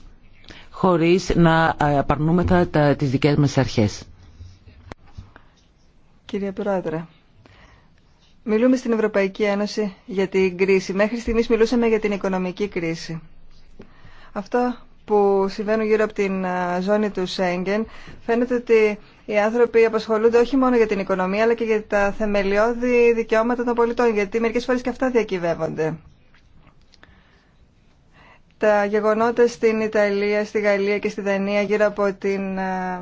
χωρίς να ε, απαρνούμε τι τις δικές μας αρχές. Κύριε Πρόεδρε, μιλούμε στην Ευρωπαϊκή Ένωση για την κρίση. Μέχρι στιγμής μιλούσαμε για την οικονομική κρίση. Αυτό που συμβαίνουν γύρω από την ε, ζώνη του Σέγγεν, φαίνεται ότι οι άνθρωποι απασχολούνται όχι μόνο για την οικονομία, αλλά και για τα θεμελιώδη δικαιώματα των πολιτών, γιατί μερικές φορές και αυτά διακυβεύονται. Τα γεγονότα στην Ιταλία, στη Γαλλία και στη Δανία γύρω από την ε,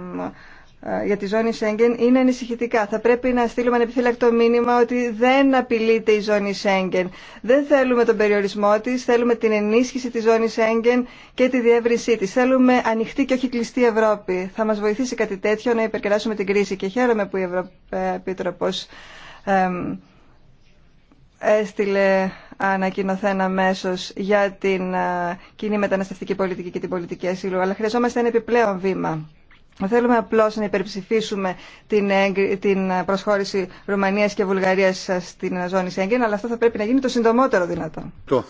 ε, για τη ζώνη Σέγγεν είναι ανησυχητικά. Θα πρέπει να στείλουμε ένα επιφύλακτο μήνυμα ότι δεν απειλείται η ζώνη Σέγγεν. Δεν θέλουμε τον περιορισμό τη, θέλουμε την ενίσχυση τη ζώνη Σέγγεν και τη διεύρυνσή τη. Θέλουμε ανοιχτή και όχι κλειστή Ευρώπη. Θα μα βοηθήσει κάτι τέτοιο να υπερκεράσουμε την κρίση. Και χαίρομαι που η ε, Επίτροπο έστειλε ε, ανακοινωθέν αμέσω για την κοινή μεταναστευτική πολιτική και την πολιτική ασύλου. Αλλά χρειαζόμαστε ένα επιπλέον βήμα. Θέλουμε απλώ να υπερψηφίσουμε την, την προσχώρηση Ρουμανίας και Βουλγαρίας στην ζώνη Σέγγεν, αλλά αυτό θα πρέπει να γίνει το συντομότερο δυνατόν. Το.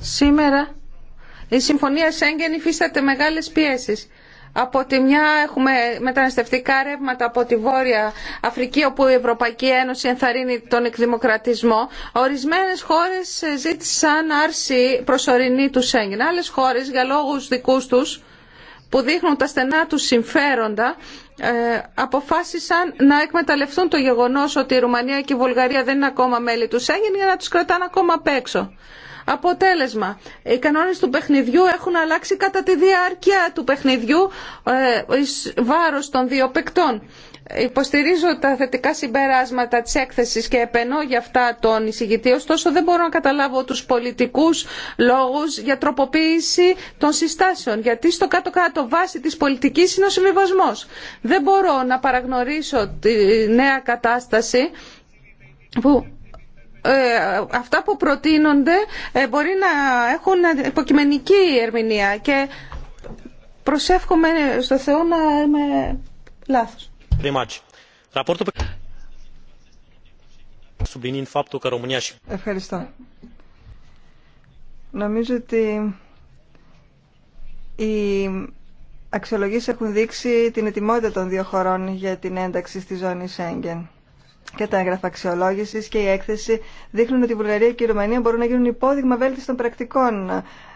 Σήμερα η Συμφωνία Σέγγεν υφίσταται μεγάλες πιέσεις από τη μια έχουμε μεταναστευτικά ρεύματα από τη Βόρεια Αφρική όπου η Ευρωπαϊκή Ένωση ενθαρρύνει τον εκδημοκρατισμό. Ορισμένες χώρες ζήτησαν άρση προσωρινή του Σέγγεν. Άλλες χώρες για λόγους δικούς τους που δείχνουν τα στενά τους συμφέροντα ε, αποφάσισαν να εκμεταλλευτούν το γεγονός ότι η Ρουμανία και η Βουλγαρία δεν είναι ακόμα μέλη του Σέγγεν για να τους κρατάνε ακόμα απ' έξω. Αποτέλεσμα, οι κανόνες του παιχνιδιού έχουν αλλάξει κατά τη διάρκεια του παιχνιδιού ε, βάρος των δύο παικτών. Υποστηρίζω τα θετικά συμπεράσματα της έκθεσης και επενώ για αυτά τον εισηγητή, ωστόσο δεν μπορώ να καταλάβω τους πολιτικούς λόγους για τροποποίηση των συστάσεων, γιατί στο κάτω-κάτω βάση της πολιτικής είναι ο συμβιβασμός. Δεν μπορώ να παραγνωρίσω τη νέα κατάσταση που ε, αυτά που προτείνονται ε, μπορεί να έχουν υποκειμενική ερμηνεία και προσεύχομαι στο Θεό να είμαι λάθος. Ευχαριστώ. Νομίζω ότι οι αξιολογήσεις έχουν δείξει την ετοιμότητα των δύο χωρών για την ένταξη στη ζώνη Σέγγεν και τα έγγραφα αξιολόγηση και η έκθεση δείχνουν ότι η Βουλγαρία και η Ρουμανία μπορούν να γίνουν υπόδειγμα βέλτιστων πρακτικών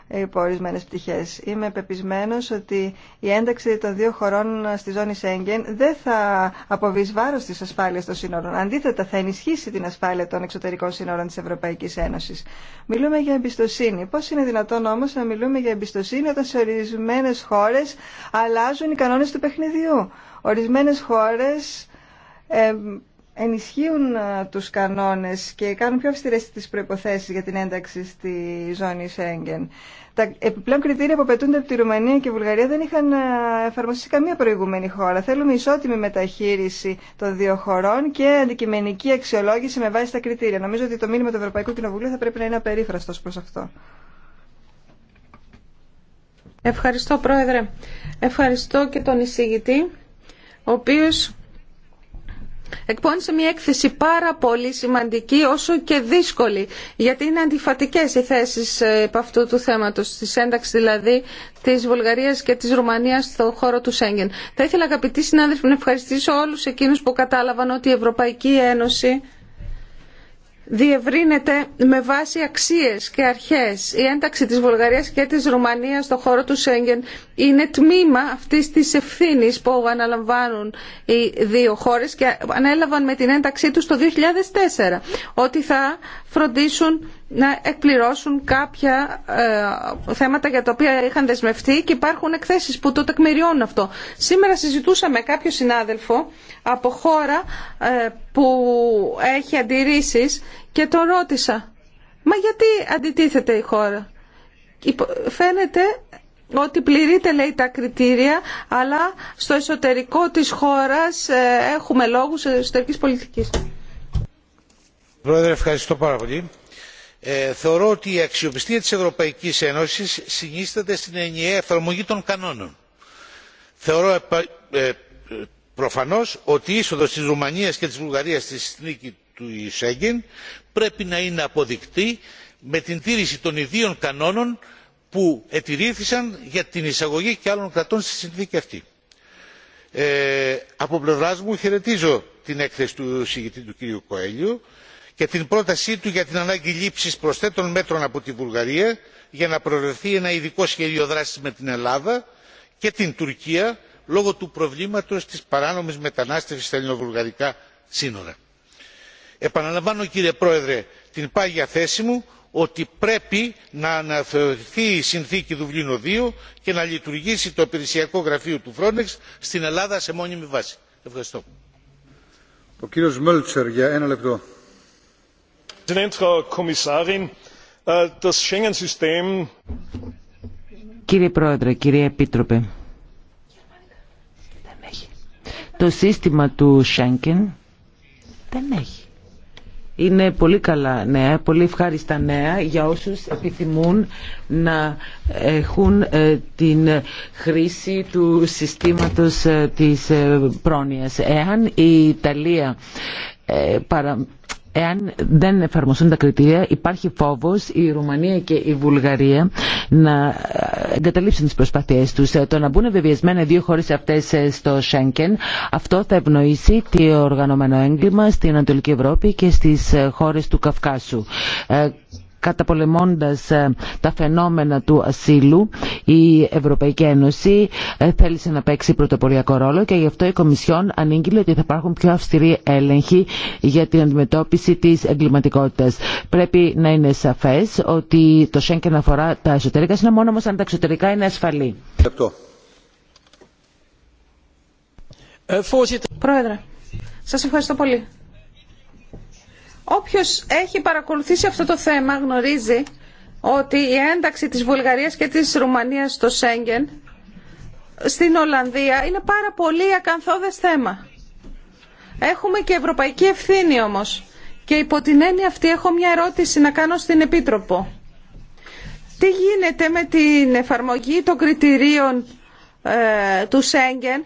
ε, υπό ορισμένε πτυχέ. Είμαι πεπισμένο ότι η ένταξη των δύο χωρών στη ζώνη Σέγγεν δεν θα αποβεί βάρο τη ασφάλεια των σύνορων. Αντίθετα, θα ενισχύσει την ασφάλεια των εξωτερικών σύνορων τη Ευρωπαϊκή Ένωση. Μιλούμε για εμπιστοσύνη. Πώ είναι δυνατόν όμω να μιλούμε για εμπιστοσύνη όταν σε ορισμένε χώρε αλλάζουν οι κανόνε του παιχνιδιού. Ορισμένε χώρε ε, ενισχύουν ε, τους κανόνες και κάνουν πιο αυστηρές τις προϋποθέσεις για την ένταξη στη ζώνη Σέγγεν. Τα επιπλέον κριτήρια που απαιτούνται από τη Ρουμανία και η Βουλγαρία δεν είχαν ε, εφαρμοστεί καμία προηγούμενη χώρα. Θέλουμε ισότιμη μεταχείριση των δύο χωρών και αντικειμενική αξιολόγηση με βάση τα κριτήρια. Νομίζω ότι το μήνυμα του Ευρωπαϊκού Κοινοβουλίου θα πρέπει να είναι απερίφραστος προς αυτό. Ευχαριστώ Πρόεδρε. Ευχαριστώ και τον εισηγητή, ο οποίος εκπώνησε μια έκθεση πάρα πολύ σημαντική όσο και δύσκολη γιατί είναι αντιφατικές οι θέσεις από ε, αυτού του θέματος τη ένταξη δηλαδή της Βουλγαρίας και της Ρουμανίας στο χώρο του Σέγγεν. Θα ήθελα αγαπητοί συνάδελφοι να ευχαριστήσω όλους εκείνους που κατάλαβαν ότι η Ευρωπαϊκή Ένωση διευρύνεται με βάση αξίες και αρχές. Η ένταξη της Βουλγαρίας και της Ρουμανίας στο χώρο του Σέγγεν είναι τμήμα αυτής της ευθύνης που αναλαμβάνουν οι δύο χώρες και ανέλαβαν με την ένταξή τους το 2004 ότι θα φροντίσουν να εκπληρώσουν κάποια ε, θέματα για τα οποία είχαν δεσμευτεί και υπάρχουν εκθέσεις που το τεκμηριώνουν αυτό. Σήμερα συζητούσα με κάποιο συνάδελφο από χώρα ε, που έχει αντιρρήσεις και τον ρώτησα «Μα γιατί αντιτίθεται η χώρα» φαίνεται ότι πληρείται λέει τα κριτήρια αλλά στο εσωτερικό της χώρας ε, έχουμε λόγους εσωτερικής πολιτικής. Πρόεδρε, ευχαριστώ πάρα πολύ. Ε, θεωρώ ότι η αξιοπιστία της Ευρωπαϊκής Ένωσης συνίσταται στην ενιαία εφαρμογή των κανόνων. Θεωρώ ε, ε, προφανώς ότι η είσοδος της Ρουμανίας και της Βουλγαρίας στη συνθήκη του Σέγγεν πρέπει να είναι αποδεικτή με την τήρηση των ιδίων κανόνων που ετηρήθησαν για την εισαγωγή και άλλων κρατών στη συνθήκη αυτή. από πλευρά μου χαιρετίζω την έκθεση του συγητή του κ. Κοέλιου και την πρότασή του για την ανάγκη λήψη προσθέτων μέτρων από τη βουλγαρία για να προωθηθεί ένα ειδικό σχέδιο δράση με την ελλάδα και την τουρκία λόγω του προβλήματο τη παράνομη μετανάστευση στα ελληνοβουλγαρικά σύνορα. επαναλαμβάνω κύριε πρόεδρε την πάγια θέση μου ότι πρέπει να αναθεωρηθεί η συνθήκη δουβλίνο ii και να λειτουργήσει το υπηρεσιακό γραφείο του frontex στην ελλάδα σε μόνιμη βάση. ευχαριστώ. Äh, κύριε Πρόεδρε, κύριε Επίτροπε, το σύστημα του Σέγγεν δεν έχει. Είναι πολύ καλά νέα, πολύ ευχάριστα νέα για όσους επιθυμούν να έχουν ε, την χρήση του συστήματος ε, της ε, πρόνοιας. Εάν η Ιταλία εάν δεν εφαρμοστούν τα κριτήρια υπάρχει φόβο, η Ρουμανία και η Βουλγαρία να εγκαταλείψουν τις προσπάθειές τους. Το να μπουν βεβαιασμένα δύο χώρες αυτές στο Σέγγεν αυτό θα ευνοήσει το οργανωμένο έγκλημα στην Ανατολική Ευρώπη και στις χώρες του Καυκάσου. Ε, καταπολεμώντας ε, τα φαινόμενα του ασύλου η Ευρωπαϊκή Ένωση ε, θέλησε να παίξει πρωτοποριακό ρόλο και γι' αυτό η Κομισιόν ανήγγειλε ότι θα υπάρχουν πιο αυστηροί έλεγχοι για την αντιμετώπιση της εγκληματικότητας. Πρέπει να είναι σαφές ότι το ΣΕΝΚΕΝ αφορά τα εσωτερικά είναι μόνο όμως αν τα εξωτερικά είναι ασφαλή. Ε, Πρόεδρε, σας ευχαριστώ πολύ. Όποιος έχει παρακολουθήσει αυτό το θέμα γνωρίζει ότι η ένταξη της Βουλγαρίας και της Ρουμανίας στο Σέγγεν στην Ολλανδία είναι πάρα πολύ ακαθόδες θέμα. Έχουμε και ευρωπαϊκή ευθύνη όμως. Και υπό την έννοια αυτή έχω μια ερώτηση να κάνω στην Επίτροπο. Τι γίνεται με την εφαρμογή των κριτηρίων ε, του Σέγγεν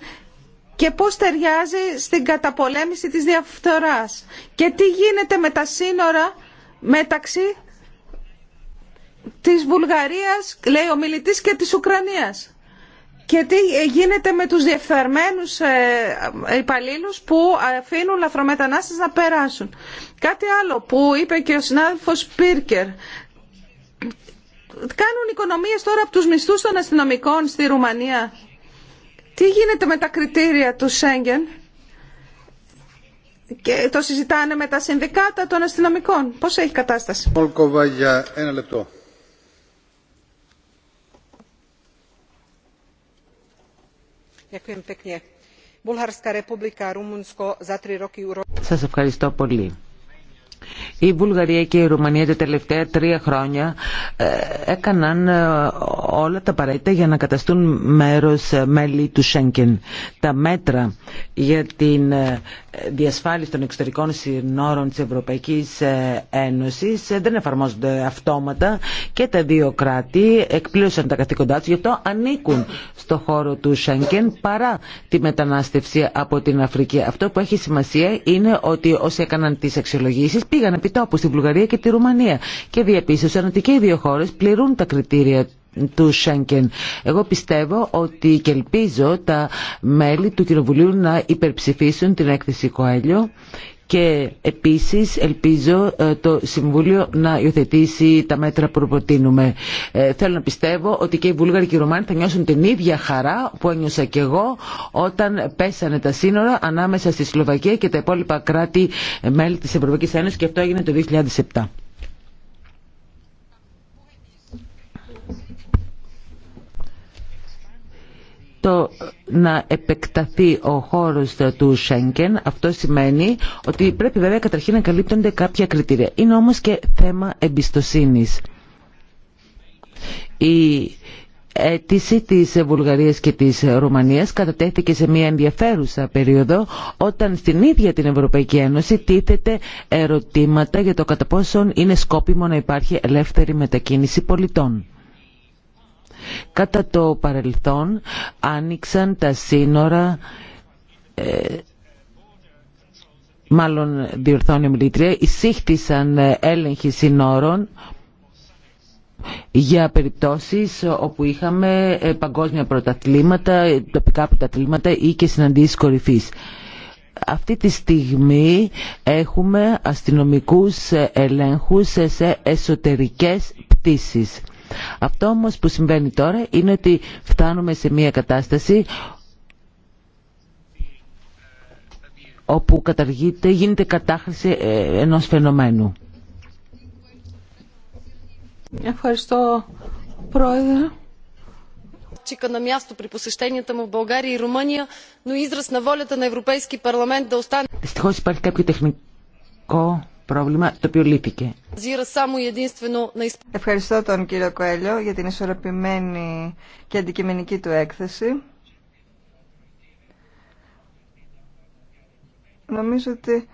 και πώς ταιριάζει στην καταπολέμηση της διαφθοράς και τι γίνεται με τα σύνορα μεταξύ της Βουλγαρίας, λέει ο μιλητής, και της Ουκρανίας. Και τι γίνεται με τους διεφθαρμένους ε, υπαλλήλου που αφήνουν λαθρομετανάστες να περάσουν. Κάτι άλλο που είπε και ο συνάδελφος Πίρκερ. Κάνουν οικονομίες τώρα από τους μισθούς των αστυνομικών στη Ρουμανία τι γίνεται με τα κριτήρια του Σέγγεν και το συζητάνε με τα συνδικάτα των αστυνομικών. Πώς έχει κατάσταση. Μολκοβα για ένα λεπτό. Σας ευχαριστώ πολύ. Η Βουλγαρία και η Ρουμανία τα τελευταία τρία χρόνια ε, έκαναν ε, όλα τα απαραίτητα για να καταστούν μέρος ε, μέλη του Σέγγεν. Τα μέτρα για την διασφάλιση των εξωτερικών συνόρων της Ευρωπαϊκής Ένωσης δεν εφαρμόζονται αυτόματα και τα δύο κράτη εκπλήρωσαν τα καθήκοντά τους, γι' αυτό ανήκουν στο χώρο του Σέγγεν παρά τη μετανάστευση από την Αφρική. Αυτό που έχει σημασία είναι ότι όσοι έκαναν τις αξιολογήσεις πήγαν πήγαν στη Βουλγαρία και τη Ρουμανία και διαπίστωσαν ότι και οι δύο χώρε πληρούν τα κριτήρια του Σέγγεν. Εγώ πιστεύω ότι και ελπίζω τα μέλη του Κοινοβουλίου να υπερψηφίσουν την έκθεση Κοέλιο και επίσης ελπίζω ε, το Συμβούλιο να υιοθετήσει τα μέτρα που προτείνουμε. Ε, θέλω να πιστεύω ότι και οι Βούλγαροι και οι Ρωμάνοι θα νιώσουν την ίδια χαρά που ένιωσα και εγώ όταν πέσανε τα σύνορα ανάμεσα στη Σλοβακία και τα υπόλοιπα κράτη μέλη της Ευρωπαϊκής Ένωσης και αυτό έγινε το 2007. το να επεκταθεί ο χώρος του Σέγγεν. Αυτό σημαίνει ότι πρέπει βέβαια καταρχήν να καλύπτονται κάποια κριτήρια. Είναι όμως και θέμα εμπιστοσύνης. Η αίτηση της Βουλγαρίας και της Ρουμανίας κατατέθηκε σε μια ενδιαφέρουσα περίοδο όταν στην ίδια την Ευρωπαϊκή Ένωση τίθεται ερωτήματα για το κατά πόσον είναι σκόπιμο να υπάρχει ελεύθερη μετακίνηση πολιτών. Κατά το παρελθόν άνοιξαν τα σύνορα ε, μάλλον διορθώνει η μιλήτρια, εισήχθησαν ε, έλεγχοι συνόρων για περιπτώσεις όπου είχαμε ε, παγκόσμια πρωταθλήματα, τοπικά πρωταθλήματα ή και συναντήσεις κορυφής. Αυτή τη στιγμή έχουμε αστυνομικούς ελέγχους σε εσωτερικές πτήσεις. Αυτό όμως που συμβαίνει τώρα είναι ότι φτάνουμε σε μια κατάσταση όπου καταργείται, γίνεται κατάχρηση ε, ενός φαινομένου. Ευχαριστώ, Πρόεδρε. Чика на място при посещенията му в България и Румъния, но израз на волята на Европейски парламент да остане. си υπάρχει какви техники πρόβλημα το οποίο Ευχαριστώ τον κύριο Κοέλιο για την ισορροπημένη και αντικειμενική του έκθεση. Νομίζω ότι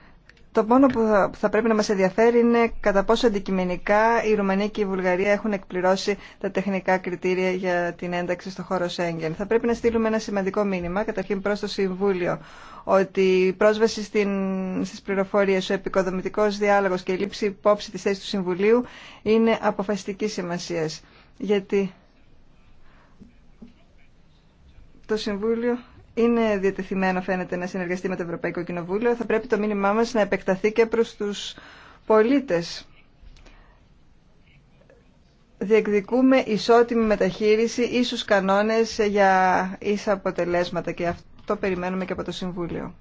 το μόνο που θα πρέπει να μας ενδιαφέρει είναι κατά πόσο αντικειμενικά η Ρουμανία και η Βουλγαρία έχουν εκπληρώσει τα τεχνικά κριτήρια για την ένταξη στο χώρο Σέγγεν. Θα πρέπει να στείλουμε ένα σημαντικό μήνυμα, καταρχήν προς το Συμβούλιο, ότι η πρόσβαση στην, στις πληροφορίες, ο επικοδομητικός διάλογος και η λήψη υπόψη της θέσης του Συμβουλίου είναι αποφασιστική σημασίας. Γιατί το Συμβούλιο είναι διατεθειμένο φαίνεται να συνεργαστεί με το Ευρωπαϊκό Κοινοβούλιο, θα πρέπει το μήνυμά μας να επεκταθεί και προς τους πολίτες. Διεκδικούμε ισότιμη μεταχείριση, ίσους κανόνες για ίσα αποτελέσματα και αυτό περιμένουμε και από το Συμβούλιο.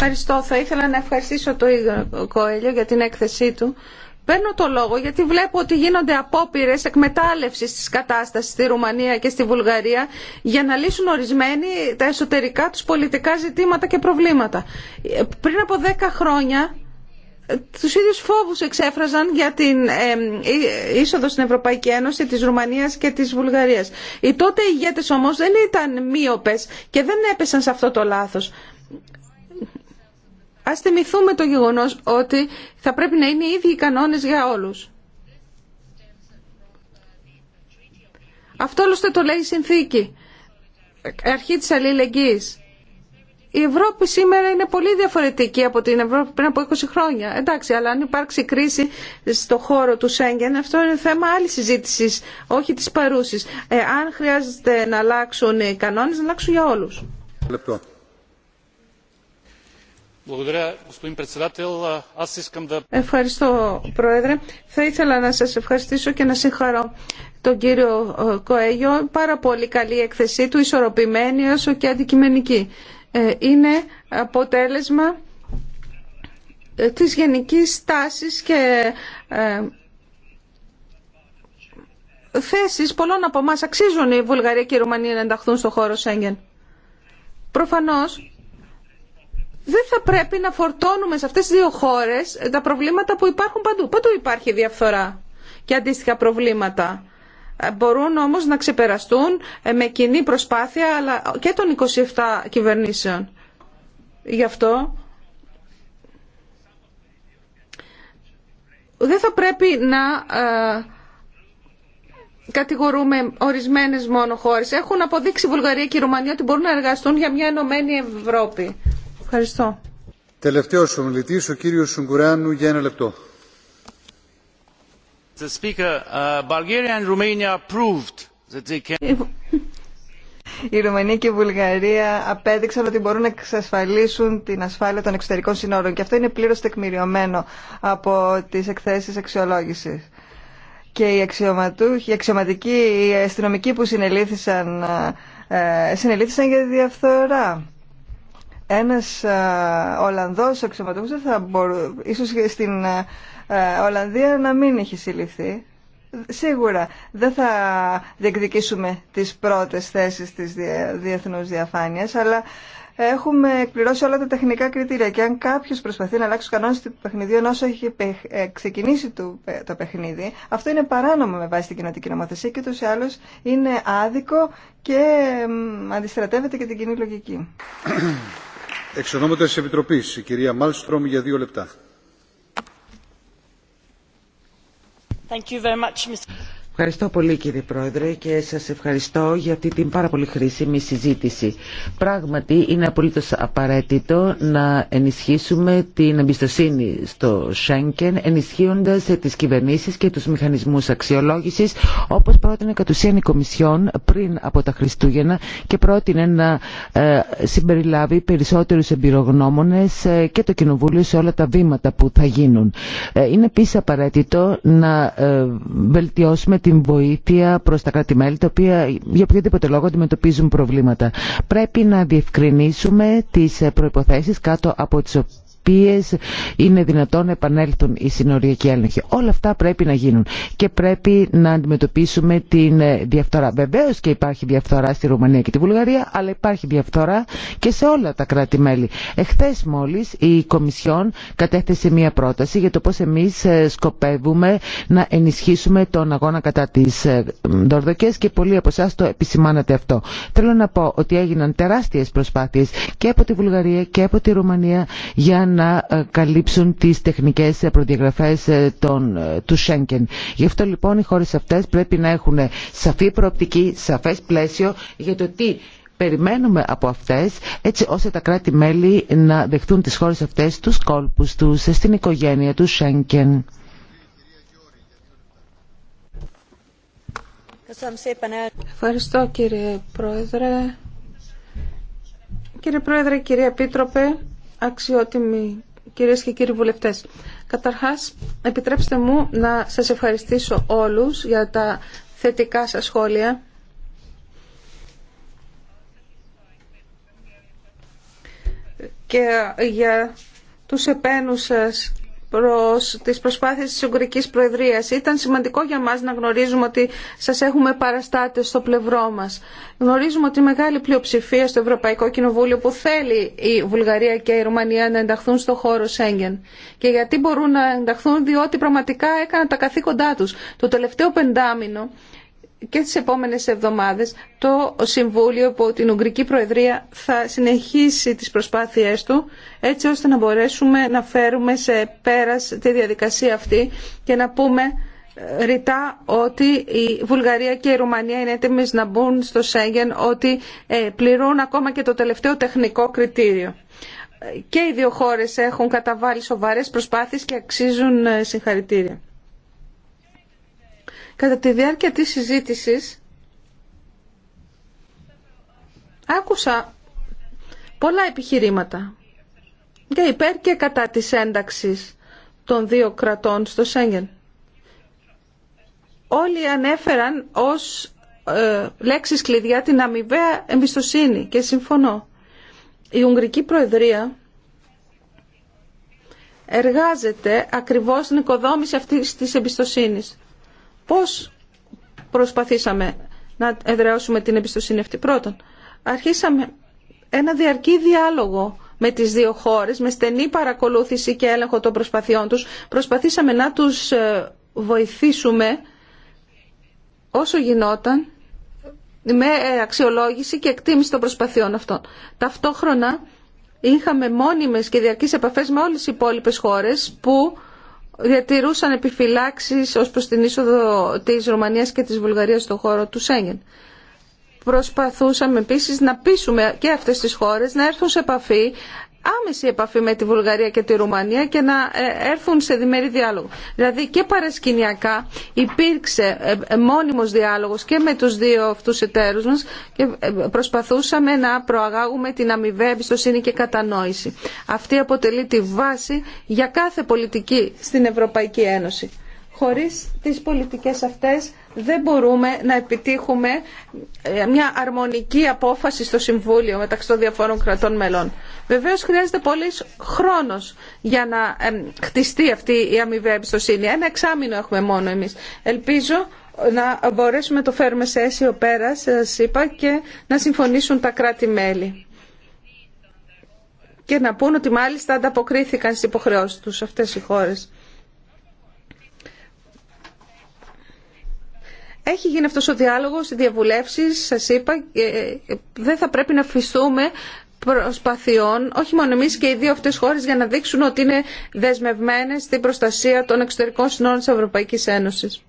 Ευχαριστώ. Θα ήθελα να ευχαριστήσω τον Κοέλιο για την έκθεσή του. Παίρνω το λόγο γιατί βλέπω ότι γίνονται απόπειρε εκμετάλλευση τη κατάσταση στη Ρουμανία και στη Βουλγαρία για να λύσουν ορισμένοι τα εσωτερικά του πολιτικά ζητήματα και προβλήματα. Πριν από δέκα χρόνια τους ίδιους φόβους εξέφραζαν για την είσοδο στην Ευρωπαϊκή Ένωση της Ρουμανίας και της Βουλγαρίας. Οι τότε ηγέτες όμως δεν ήταν μειωπε και δεν έπεσαν σε αυτό το λάθος. Α θυμηθούμε το γεγονός ότι θα πρέπει να είναι οι ίδιοι οι κανόνες για όλους. Αυτό όλωστε το λέει η συνθήκη. Αρχή τη αλληλεγγύη. Η Ευρώπη σήμερα είναι πολύ διαφορετική από την Ευρώπη πριν από 20 χρόνια. Εντάξει, αλλά αν υπάρξει κρίση στο χώρο του Σέγγεν, αυτό είναι θέμα άλλη συζήτηση, όχι τη παρούση. Ε, αν χρειάζεται να αλλάξουν οι κανόνε, να αλλάξουν για όλου. Ευχαριστώ, Πρόεδρε. Θα ήθελα να σας ευχαριστήσω και να συγχαρώ τον κύριο ε, Κοέγιο. Πάρα πολύ καλή η εκθεσή του, ισορροπημένη όσο και αντικειμενική. Ε, είναι αποτέλεσμα ε, της γενικής τάσης και θέσεις πολλών από εμά αξίζουν η Βουλγαρία και η Ρουμανία να ενταχθούν στον χώρο Σέγγεν. Προφανώς δεν θα πρέπει να φορτώνουμε σε αυτές τις δύο χώρες τα προβλήματα που υπάρχουν παντού. Παντού υπάρχει διαφθορά και αντίστοιχα προβλήματα. Ε, μπορούν όμως να ξεπεραστούν ε, με κοινή προσπάθεια αλλά και των 27 κυβερνήσεων. Γι' αυτό δεν θα πρέπει να ε, κατηγορούμε ορισμένες μόνο χώρες. Έχουν αποδείξει η Βουλγαρία και η Ρουμανία ότι μπορούν να εργαστούν για μια ενωμένη Ευρώπη. Τελευταίος ομιλητής, ο κύριος για ένα λεπτό. Η Ρουμανία και η Βουλγαρία απέδειξαν ότι μπορούν να εξασφαλίσουν την ασφάλεια των εξωτερικών συνόρων και αυτό είναι πλήρως τεκμηριωμένο από τις εκθέσεις αξιολόγησης. Και οι, οι αξιωματικοί, οι αστυνομικοί που συνελήθησαν, ε, συνελήθησαν για διαφθορά ένας ε, Ολλανδός αξιωματούχος δεν θα ίσως στην ε, ε, Ολλανδία να μην είχε συλληφθεί. Σίγουρα δεν θα διεκδικήσουμε τις πρώτες θέσεις της διεθνούς διαφάνειας, αλλά έχουμε εκπληρώσει όλα τα τεχνικά κριτήρια και αν κάποιος προσπαθεί να αλλάξει τους κανόνες του παιχνιδιού ενώ όσο έχει ξεκινήσει το παιχνίδι, αυτό είναι παράνομο με βάση την κοινωτική νομοθεσία και ούτως ή άλλως είναι άδικο και αντιστρατεύεται και την κοινή λογική. Εξ της Επιτροπής, η κυρία Μάλστρομ για δύο λεπτά. Ευχαριστώ πολύ κύριε Πρόεδρε και σας ευχαριστώ για αυτή την πάρα πολύ χρήσιμη συζήτηση. Πράγματι είναι απολύτως απαραίτητο να ενισχύσουμε την εμπιστοσύνη στο Σέγγεν ενισχύοντας τις κυβερνήσεις και τους μηχανισμούς αξιολόγησης όπως πρότεινε κατ' ουσίαν η Κομισιόν πριν από τα Χριστούγεννα και πρότεινε να ε, συμπεριλάβει περισσότερους εμπειρογνώμονες ε, και το Κοινοβούλιο σε όλα τα βήματα που θα γίνουν. Ε, είναι επίση απαραίτητο να βελτιώσουμε την βοήθεια προς τα κράτη-μέλη τα οποία για οποιοδήποτε λόγο αντιμετωπίζουν προβλήματα. Πρέπει να διευκρινίσουμε τις προϋποθέσεις κάτω από τις οποίες οποίες είναι δυνατόν να επανέλθουν οι συνοριακοί έλεγχοι. Όλα αυτά πρέπει να γίνουν και πρέπει να αντιμετωπίσουμε την ε, διαφθορά. Βεβαίω και υπάρχει διαφθορά στη Ρουμανία και τη Βουλγαρία, αλλά υπάρχει διαφθορά και σε όλα τα κράτη-μέλη. Εχθέ μόλι η Κομισιόν κατέθεσε μία πρόταση για το πώ εμεί ε, σκοπεύουμε να ενισχύσουμε τον αγώνα κατά τι ε, δορδοκέ και πολλοί από εσά το επισημάνατε αυτό. Θέλω να πω ότι έγιναν τεράστιε προσπάθειε και από τη Βουλγαρία και από τη Ρουμανία για να ε, καλύψουν τις τεχνικές προδιαγραφές ε, ε, του Σέγγεν. Γι' αυτό λοιπόν οι χώρες αυτές πρέπει να έχουν σαφή προοπτική, σαφές πλαίσιο για το τι περιμένουμε από αυτές έτσι ώστε τα κράτη-μέλη να δεχτούν τις χώρες αυτές τους κόλπους τους στην οικογένεια του Σέγγεν. Ευχαριστώ κύριε Πρόεδρε. Κύριε Πρόεδρε, κύριε Επίτροπε, αξιότιμοι κυρίες και κύριοι βουλευτές. Καταρχάς, επιτρέψτε μου να σας ευχαριστήσω όλους για τα θετικά σας σχόλια. και για τους επένους σας προς τις προσπάθειες της Ουγγρικής Προεδρίας. Ήταν σημαντικό για μας να γνωρίζουμε ότι σας έχουμε παραστάτες στο πλευρό μας. Γνωρίζουμε ότι η μεγάλη πλειοψηφία στο Ευρωπαϊκό Κοινοβούλιο που θέλει η Βουλγαρία και η Ρουμανία να ενταχθούν στο χώρο Σέγγεν. Και γιατί μπορούν να ενταχθούν διότι πραγματικά έκαναν τα καθήκοντά τους. Το τελευταίο πεντάμινο και τις επόμενες εβδομάδες το Συμβούλιο που την Ουγγρική Προεδρία θα συνεχίσει τις προσπάθειές του έτσι ώστε να μπορέσουμε να φέρουμε σε πέρας τη διαδικασία αυτή και να πούμε ε, ρητά ότι η Βουλγαρία και η Ρουμανία είναι έτοιμες να μπουν στο Σέγγεν ότι ε, πληρούν ακόμα και το τελευταίο τεχνικό κριτήριο. Ε, και οι δύο χώρες έχουν καταβάλει σοβαρές προσπάθειες και αξίζουν συγχαρητήρια. Κατά τη διάρκεια της συζήτησης άκουσα πολλά επιχειρήματα και υπέρ και κατά της ένταξης των δύο κρατών στο Σέγγεν. Όλοι ανέφεραν ως ε, λέξεις κλειδιά την αμοιβαία εμπιστοσύνη και συμφωνώ. Η Ουγγρική Προεδρία εργάζεται ακριβώς στην οικοδόμηση αυτής της εμπιστοσύνης. Πώς προσπαθήσαμε να εδραιώσουμε την εμπιστοσύνη αυτή. Πρώτον, αρχίσαμε ένα διαρκή διάλογο με τις δύο χώρες, με στενή παρακολούθηση και έλεγχο των προσπαθειών τους. Προσπαθήσαμε να τους ε, βοηθήσουμε όσο γινόταν με ε, αξιολόγηση και εκτίμηση των προσπαθειών αυτών. Ταυτόχρονα είχαμε μόνιμες και διαρκείς επαφές με όλες τις υπόλοιπες χώρες που διατηρούσαν επιφυλάξεις ως προς την είσοδο της Ρουμανίας και της Βουλγαρίας στον χώρο του Σέγγεν. Προσπαθούσαμε επίσης να πείσουμε και αυτές τις χώρες να έρθουν σε επαφή άμεση επαφή με τη Βουλγαρία και τη Ρουμανία και να ε, έρθουν σε διμερή διάλογο. Δηλαδή και παρασκηνιακά υπήρξε ε, ε, μόνιμος διάλογος και με τους δύο αυτούς εταίρους μας και προσπαθούσαμε να προαγάγουμε την αμοιβαία εμπιστοσύνη και κατανόηση. Αυτή αποτελεί τη βάση για κάθε πολιτική στην Ευρωπαϊκή Ένωση. Χωρίς τις πολιτικές αυτές δεν μπορούμε να επιτύχουμε ε, μια αρμονική απόφαση στο Συμβούλιο μεταξύ των διαφόρων κρατών μελών. Βεβαίως χρειάζεται πολύς χρόνος για να χτιστεί αυτή η αμοιβή εμπιστοσύνη. Ένα εξάμεινο έχουμε μόνο εμείς. Ελπίζω να μπορέσουμε να το φέρουμε σε αίσιο πέρα, σας είπα, και να συμφωνήσουν τα κράτη-μέλη. Και να πούν ότι μάλιστα ανταποκρίθηκαν στις υποχρεώσεις τους αυτές οι χώρες. Έχει γίνει αυτός ο διάλογος, οι διαβουλεύσεις, σας είπα, ε, δεν θα πρέπει να αφιστούμε προσπαθειών, όχι μόνο εμείς και οι δύο αυτές χώρες, για να δείξουν ότι είναι δεσμευμένες στην προστασία των εξωτερικών συνόρων της Ευρωπαϊκή Ένωσης.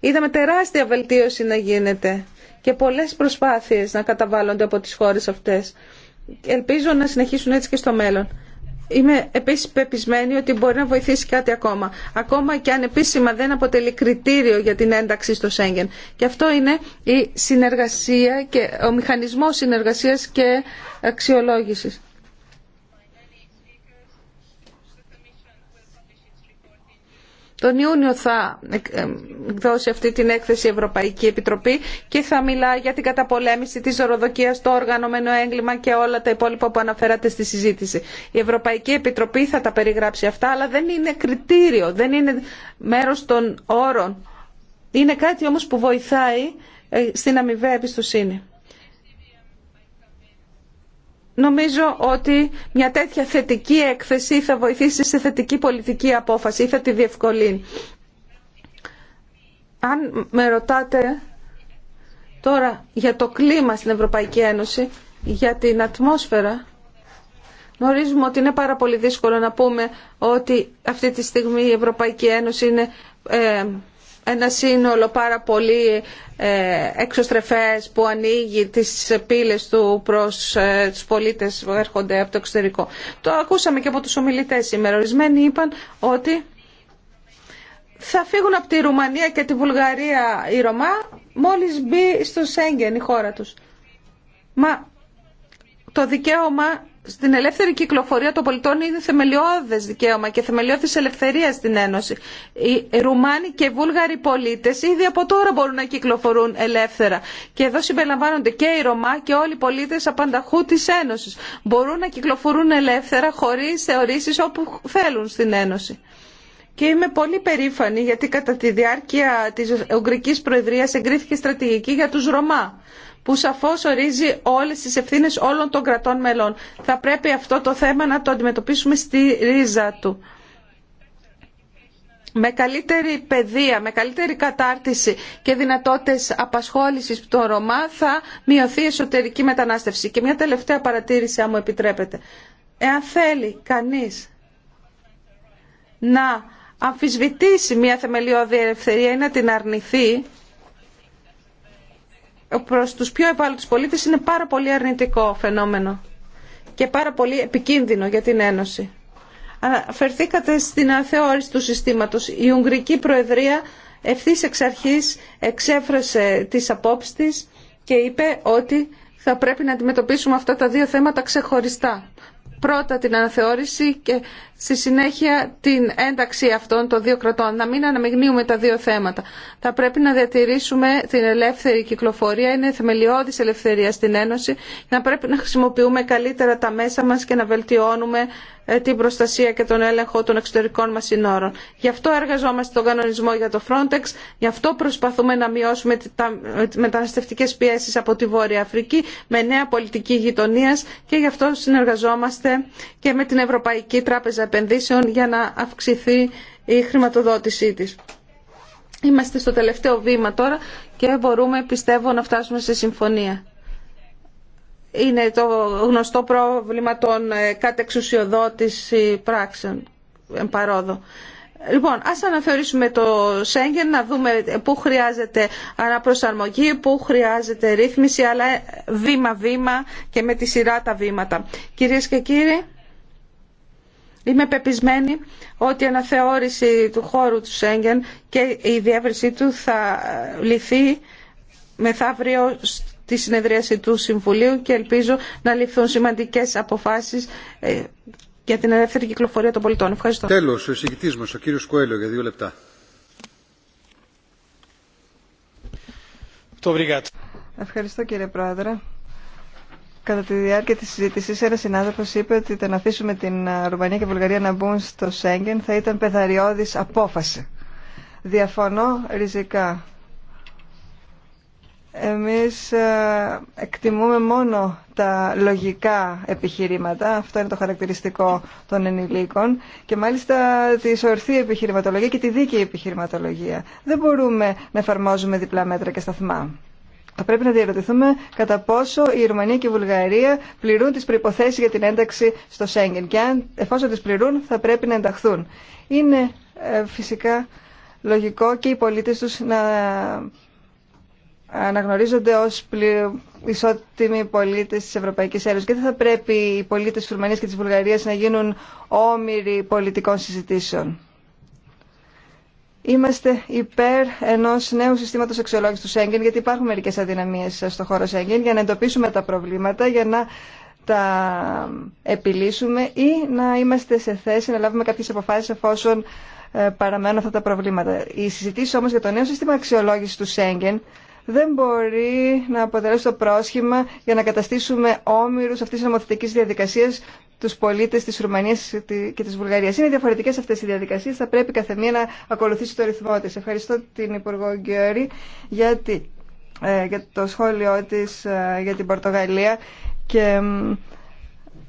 Είδαμε τεράστια βελτίωση να γίνεται και πολλές προσπάθειες να καταβάλλονται από τις χώρες αυτές. Ελπίζω να συνεχίσουν έτσι και στο μέλλον. Είμαι επίση πεπισμένη ότι μπορεί να βοηθήσει κάτι ακόμα. Ακόμα και αν επίσημα δεν αποτελεί κριτήριο για την ένταξη στο Σέγγεν. Και αυτό είναι η συνεργασία και ο μηχανισμός συνεργασίας και αξιολόγηση. Τον Ιούνιο θα ε, ε, δώσει αυτή την έκθεση η Ευρωπαϊκή Επιτροπή και θα μιλά για την καταπολέμηση της οροδοκίας, το οργανωμένο έγκλημα και όλα τα υπόλοιπα που αναφέρατε στη συζήτηση. Η Ευρωπαϊκή Επιτροπή θα τα περιγράψει αυτά, αλλά δεν είναι κριτήριο, δεν είναι μέρος των όρων. Είναι κάτι όμως που βοηθάει ε, στην αμοιβαία εμπιστοσύνη. Νομίζω ότι μια τέτοια θετική έκθεση θα βοηθήσει σε θετική πολιτική απόφαση ή θα τη διευκολύνει. Αν με ρωτάτε τώρα για το κλίμα στην Ευρωπαϊκή Ένωση, για την ατμόσφαιρα, γνωρίζουμε ότι είναι πάρα πολύ δύσκολο να πούμε ότι αυτή τη στιγμή η Ευρωπαϊκή Ένωση είναι ε, ένα σύνολο πάρα πολύ ε, εξωστρεφές που ανοίγει τις πύλες του προς ε, τους πολίτες που έρχονται από το εξωτερικό. Το ακούσαμε και από τους ομιλητές σήμερα. Ορισμένοι είπαν ότι θα φύγουν από τη Ρουμανία και τη Βουλγαρία οι Ρωμά μόλις μπει στο Σέγγεν η χώρα τους. Μα το δικαίωμα στην ελεύθερη κυκλοφορία των πολιτών είναι θεμελιώδες δικαίωμα και θεμελιώδης ελευθερία στην Ένωση. Οι Ρουμάνοι και Βούλγαροι πολίτες ήδη από τώρα μπορούν να κυκλοφορούν ελεύθερα. Και εδώ συμπεριλαμβάνονται και οι Ρωμά και όλοι οι πολίτες απανταχού της Ένωσης. Μπορούν να κυκλοφορούν ελεύθερα χωρίς θεωρήσεις όπου θέλουν στην Ένωση. Και είμαι πολύ περήφανη γιατί κατά τη διάρκεια της Ουγγρικής Προεδρίας εγκρίθηκε στρατηγική για τους Ρωμά που σαφώς ορίζει όλες τις ευθύνες όλων των κρατών μελών. Θα πρέπει αυτό το θέμα να το αντιμετωπίσουμε στη ρίζα του. Με καλύτερη παιδεία, με καλύτερη κατάρτιση και δυνατότητες απασχόλησης των Ρωμά θα μειωθεί η εσωτερική μετανάστευση. Και μια τελευταία παρατήρηση, αν μου επιτρέπετε. Εάν θέλει κανείς να αμφισβητήσει μια θεμελιώδη ελευθερία ή να την αρνηθεί, προς τους πιο ευάλωτους πολίτες είναι πάρα πολύ αρνητικό φαινόμενο και πάρα πολύ επικίνδυνο για την Ένωση. Αναφερθήκατε στην αθεώρηση του συστήματος. Η Ουγγρική Προεδρία ευθύς εξ αρχής εξέφρασε τις απόψεις της και είπε ότι θα πρέπει να αντιμετωπίσουμε αυτά τα δύο θέματα ξεχωριστά. Πρώτα την αναθεώρηση και στη συνέχεια την ένταξη αυτών των δύο κρατών, να μην αναμειγνύουμε τα δύο θέματα. Θα πρέπει να διατηρήσουμε την ελεύθερη κυκλοφορία, είναι θεμελιώδης ελευθερία στην Ένωση, να πρέπει να χρησιμοποιούμε καλύτερα τα μέσα μα και να βελτιώνουμε ε, την προστασία και τον έλεγχο των εξωτερικών μας συνόρων. Γι' αυτό εργαζόμαστε τον κανονισμό για το Frontex, γι' αυτό προσπαθούμε να μειώσουμε τα μεταναστευτικές πιέσεις από τη Βόρεια Αφρική με νέα πολιτική γειτονία και γι' αυτό συνεργαζόμαστε και με την Ευρωπαϊκή Τράπεζα επενδύσεων για να αυξηθεί η χρηματοδότησή της. Είμαστε στο τελευταίο βήμα τώρα και μπορούμε, πιστεύω, να φτάσουμε σε συμφωνία. Είναι το γνωστό πρόβλημα των ε, κατεξουσιοδότηση πράξεων παρόδο. Λοιπόν, ας αναθεωρήσουμε το Σέγγεν, να δούμε πού χρειάζεται αναπροσαρμογή, πού χρειάζεται ρύθμιση, αλλά ε, βήμα-βήμα και με τη σειρά τα βήματα. Κυρίες και κύριοι, Είμαι πεπισμένη ότι η αναθεώρηση του χώρου του Σέγγεν και η διεύρυνσή του θα λυθεί μεθαύριο στη συνεδρίαση του Συμβουλίου και ελπίζω να ληφθούν σημαντικές αποφάσεις ε, για την ελεύθερη κυκλοφορία των πολιτών. Ευχαριστώ. Τέλος, ο εισηγητής μας, ο κύριος Κοέλιο, για δύο λεπτά. Ευχαριστώ κύριε Πρόεδρε. Κατά τη διάρκεια τη συζήτηση, ένα συνάδελφο είπε ότι το να αφήσουμε την ε, Ρουμανία και Βουλγαρία να μπουν στο Σέγγεν θα ήταν πεθαριώδη απόφαση. Διαφωνώ ριζικά. Εμείς ε, εκτιμούμε μόνο τα λογικά επιχειρήματα, αυτό είναι το χαρακτηριστικό των ενηλίκων, και μάλιστα τη σορθή επιχειρηματολογία και τη δίκαιη επιχειρηματολογία. Δεν μπορούμε να εφαρμόζουμε διπλά μέτρα και σταθμά. Θα πρέπει να διαρωτηθούμε κατά πόσο η Ρουμανία και η Βουλγαρία πληρούν τις προϋποθέσεις για την ένταξη στο Σέγγεν και αν εφόσον τις πληρούν θα πρέπει να ενταχθούν. Είναι ε, φυσικά λογικό και οι πολίτες τους να αναγνωρίζονται ως ισότιμοι πολίτες της Ευρωπαϊκής Ένωσης και δεν θα πρέπει οι πολίτες της Ρουμανίας και της Βουλγαρίας να γίνουν όμοιροι πολιτικών συζητήσεων. Είμαστε υπέρ ενό νέου συστήματο αξιολόγηση του Σέγγεν, γιατί υπάρχουν μερικέ αδυναμίε στο χώρο Σέγγεν, για να εντοπίσουμε τα προβλήματα, για να τα επιλύσουμε ή να είμαστε σε θέση να λάβουμε κάποιε αποφάσει εφόσον ε, παραμένουν αυτά τα προβλήματα. Οι συζητήσει όμω για το νέο σύστημα αξιολόγηση του Σέγγεν δεν μπορεί να αποτελέσει το πρόσχημα για να καταστήσουμε όμοιρους αυτής της νομοθετικής διαδικασίας τους πολίτες της Ρουμανίας και της Βουλγαρίας. Είναι διαφορετικές αυτές οι διαδικασίες, θα πρέπει καθεμία να ακολουθήσει το ρυθμό της. Ευχαριστώ την Υπουργό Γκιόρη ε, για, το σχόλιο της ε, για την Πορτογαλία και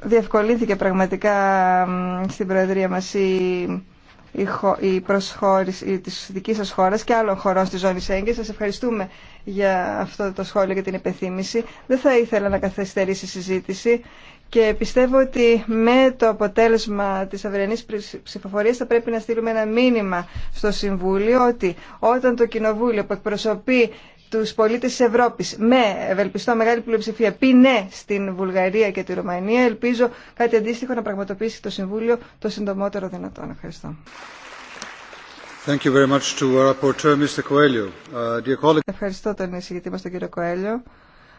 διευκολύνθηκε πραγματικά στην Προεδρία μας η η προσχώρηση της δικής σας χώρας και άλλων χωρών στη ζώνη Σέγγε. Σας ευχαριστούμε για αυτό το σχόλιο και την υπεθύμηση. Δεν θα ήθελα να καθυστερήσει η συζήτηση και πιστεύω ότι με το αποτέλεσμα της αυριανής ψηφοφορίας θα πρέπει να στείλουμε ένα μήνυμα στο Συμβούλιο ότι όταν το Κοινοβούλιο που εκπροσωπεί του πολίτε τη Ευρώπη με ευελπιστώ μεγάλη πλειοψηφία πει ναι στην Βουλγαρία και τη Ρουμανία ελπίζω κάτι αντίστοιχο να πραγματοποιήσει το Συμβούλιο το συντομότερο δυνατόν. Ευχαριστώ. Uh, Ευχαριστώ τον εισηγητή μας τον κύριο Κοέλιο.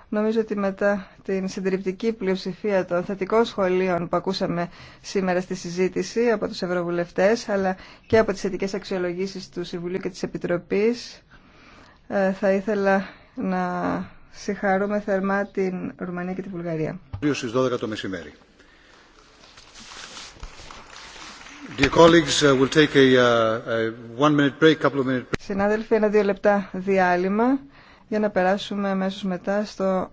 Νομίζω ότι μετά την συντριπτική πλειοψηφία των θετικών σχολείων που ακούσαμε σήμερα στη συζήτηση από τους Ευρωβουλευτές αλλά και από τις θετικέ αξιολογήσεις του Συμβουλίου και της Επιτροπής ε, θα ήθελα να συγχαρούμε θερμά την Ρουμανία και τη Βουλγαρία. Στις 12 το μεσημέρι. Συνάδελφοι, ένα-δύο λεπτά διάλειμμα για να περάσουμε αμέσως μετά στο,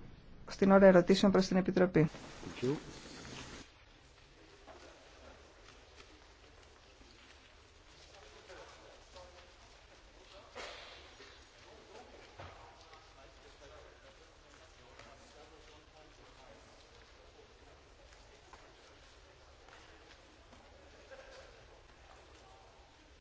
στην ώρα ερωτήσεων προς την Επιτροπή.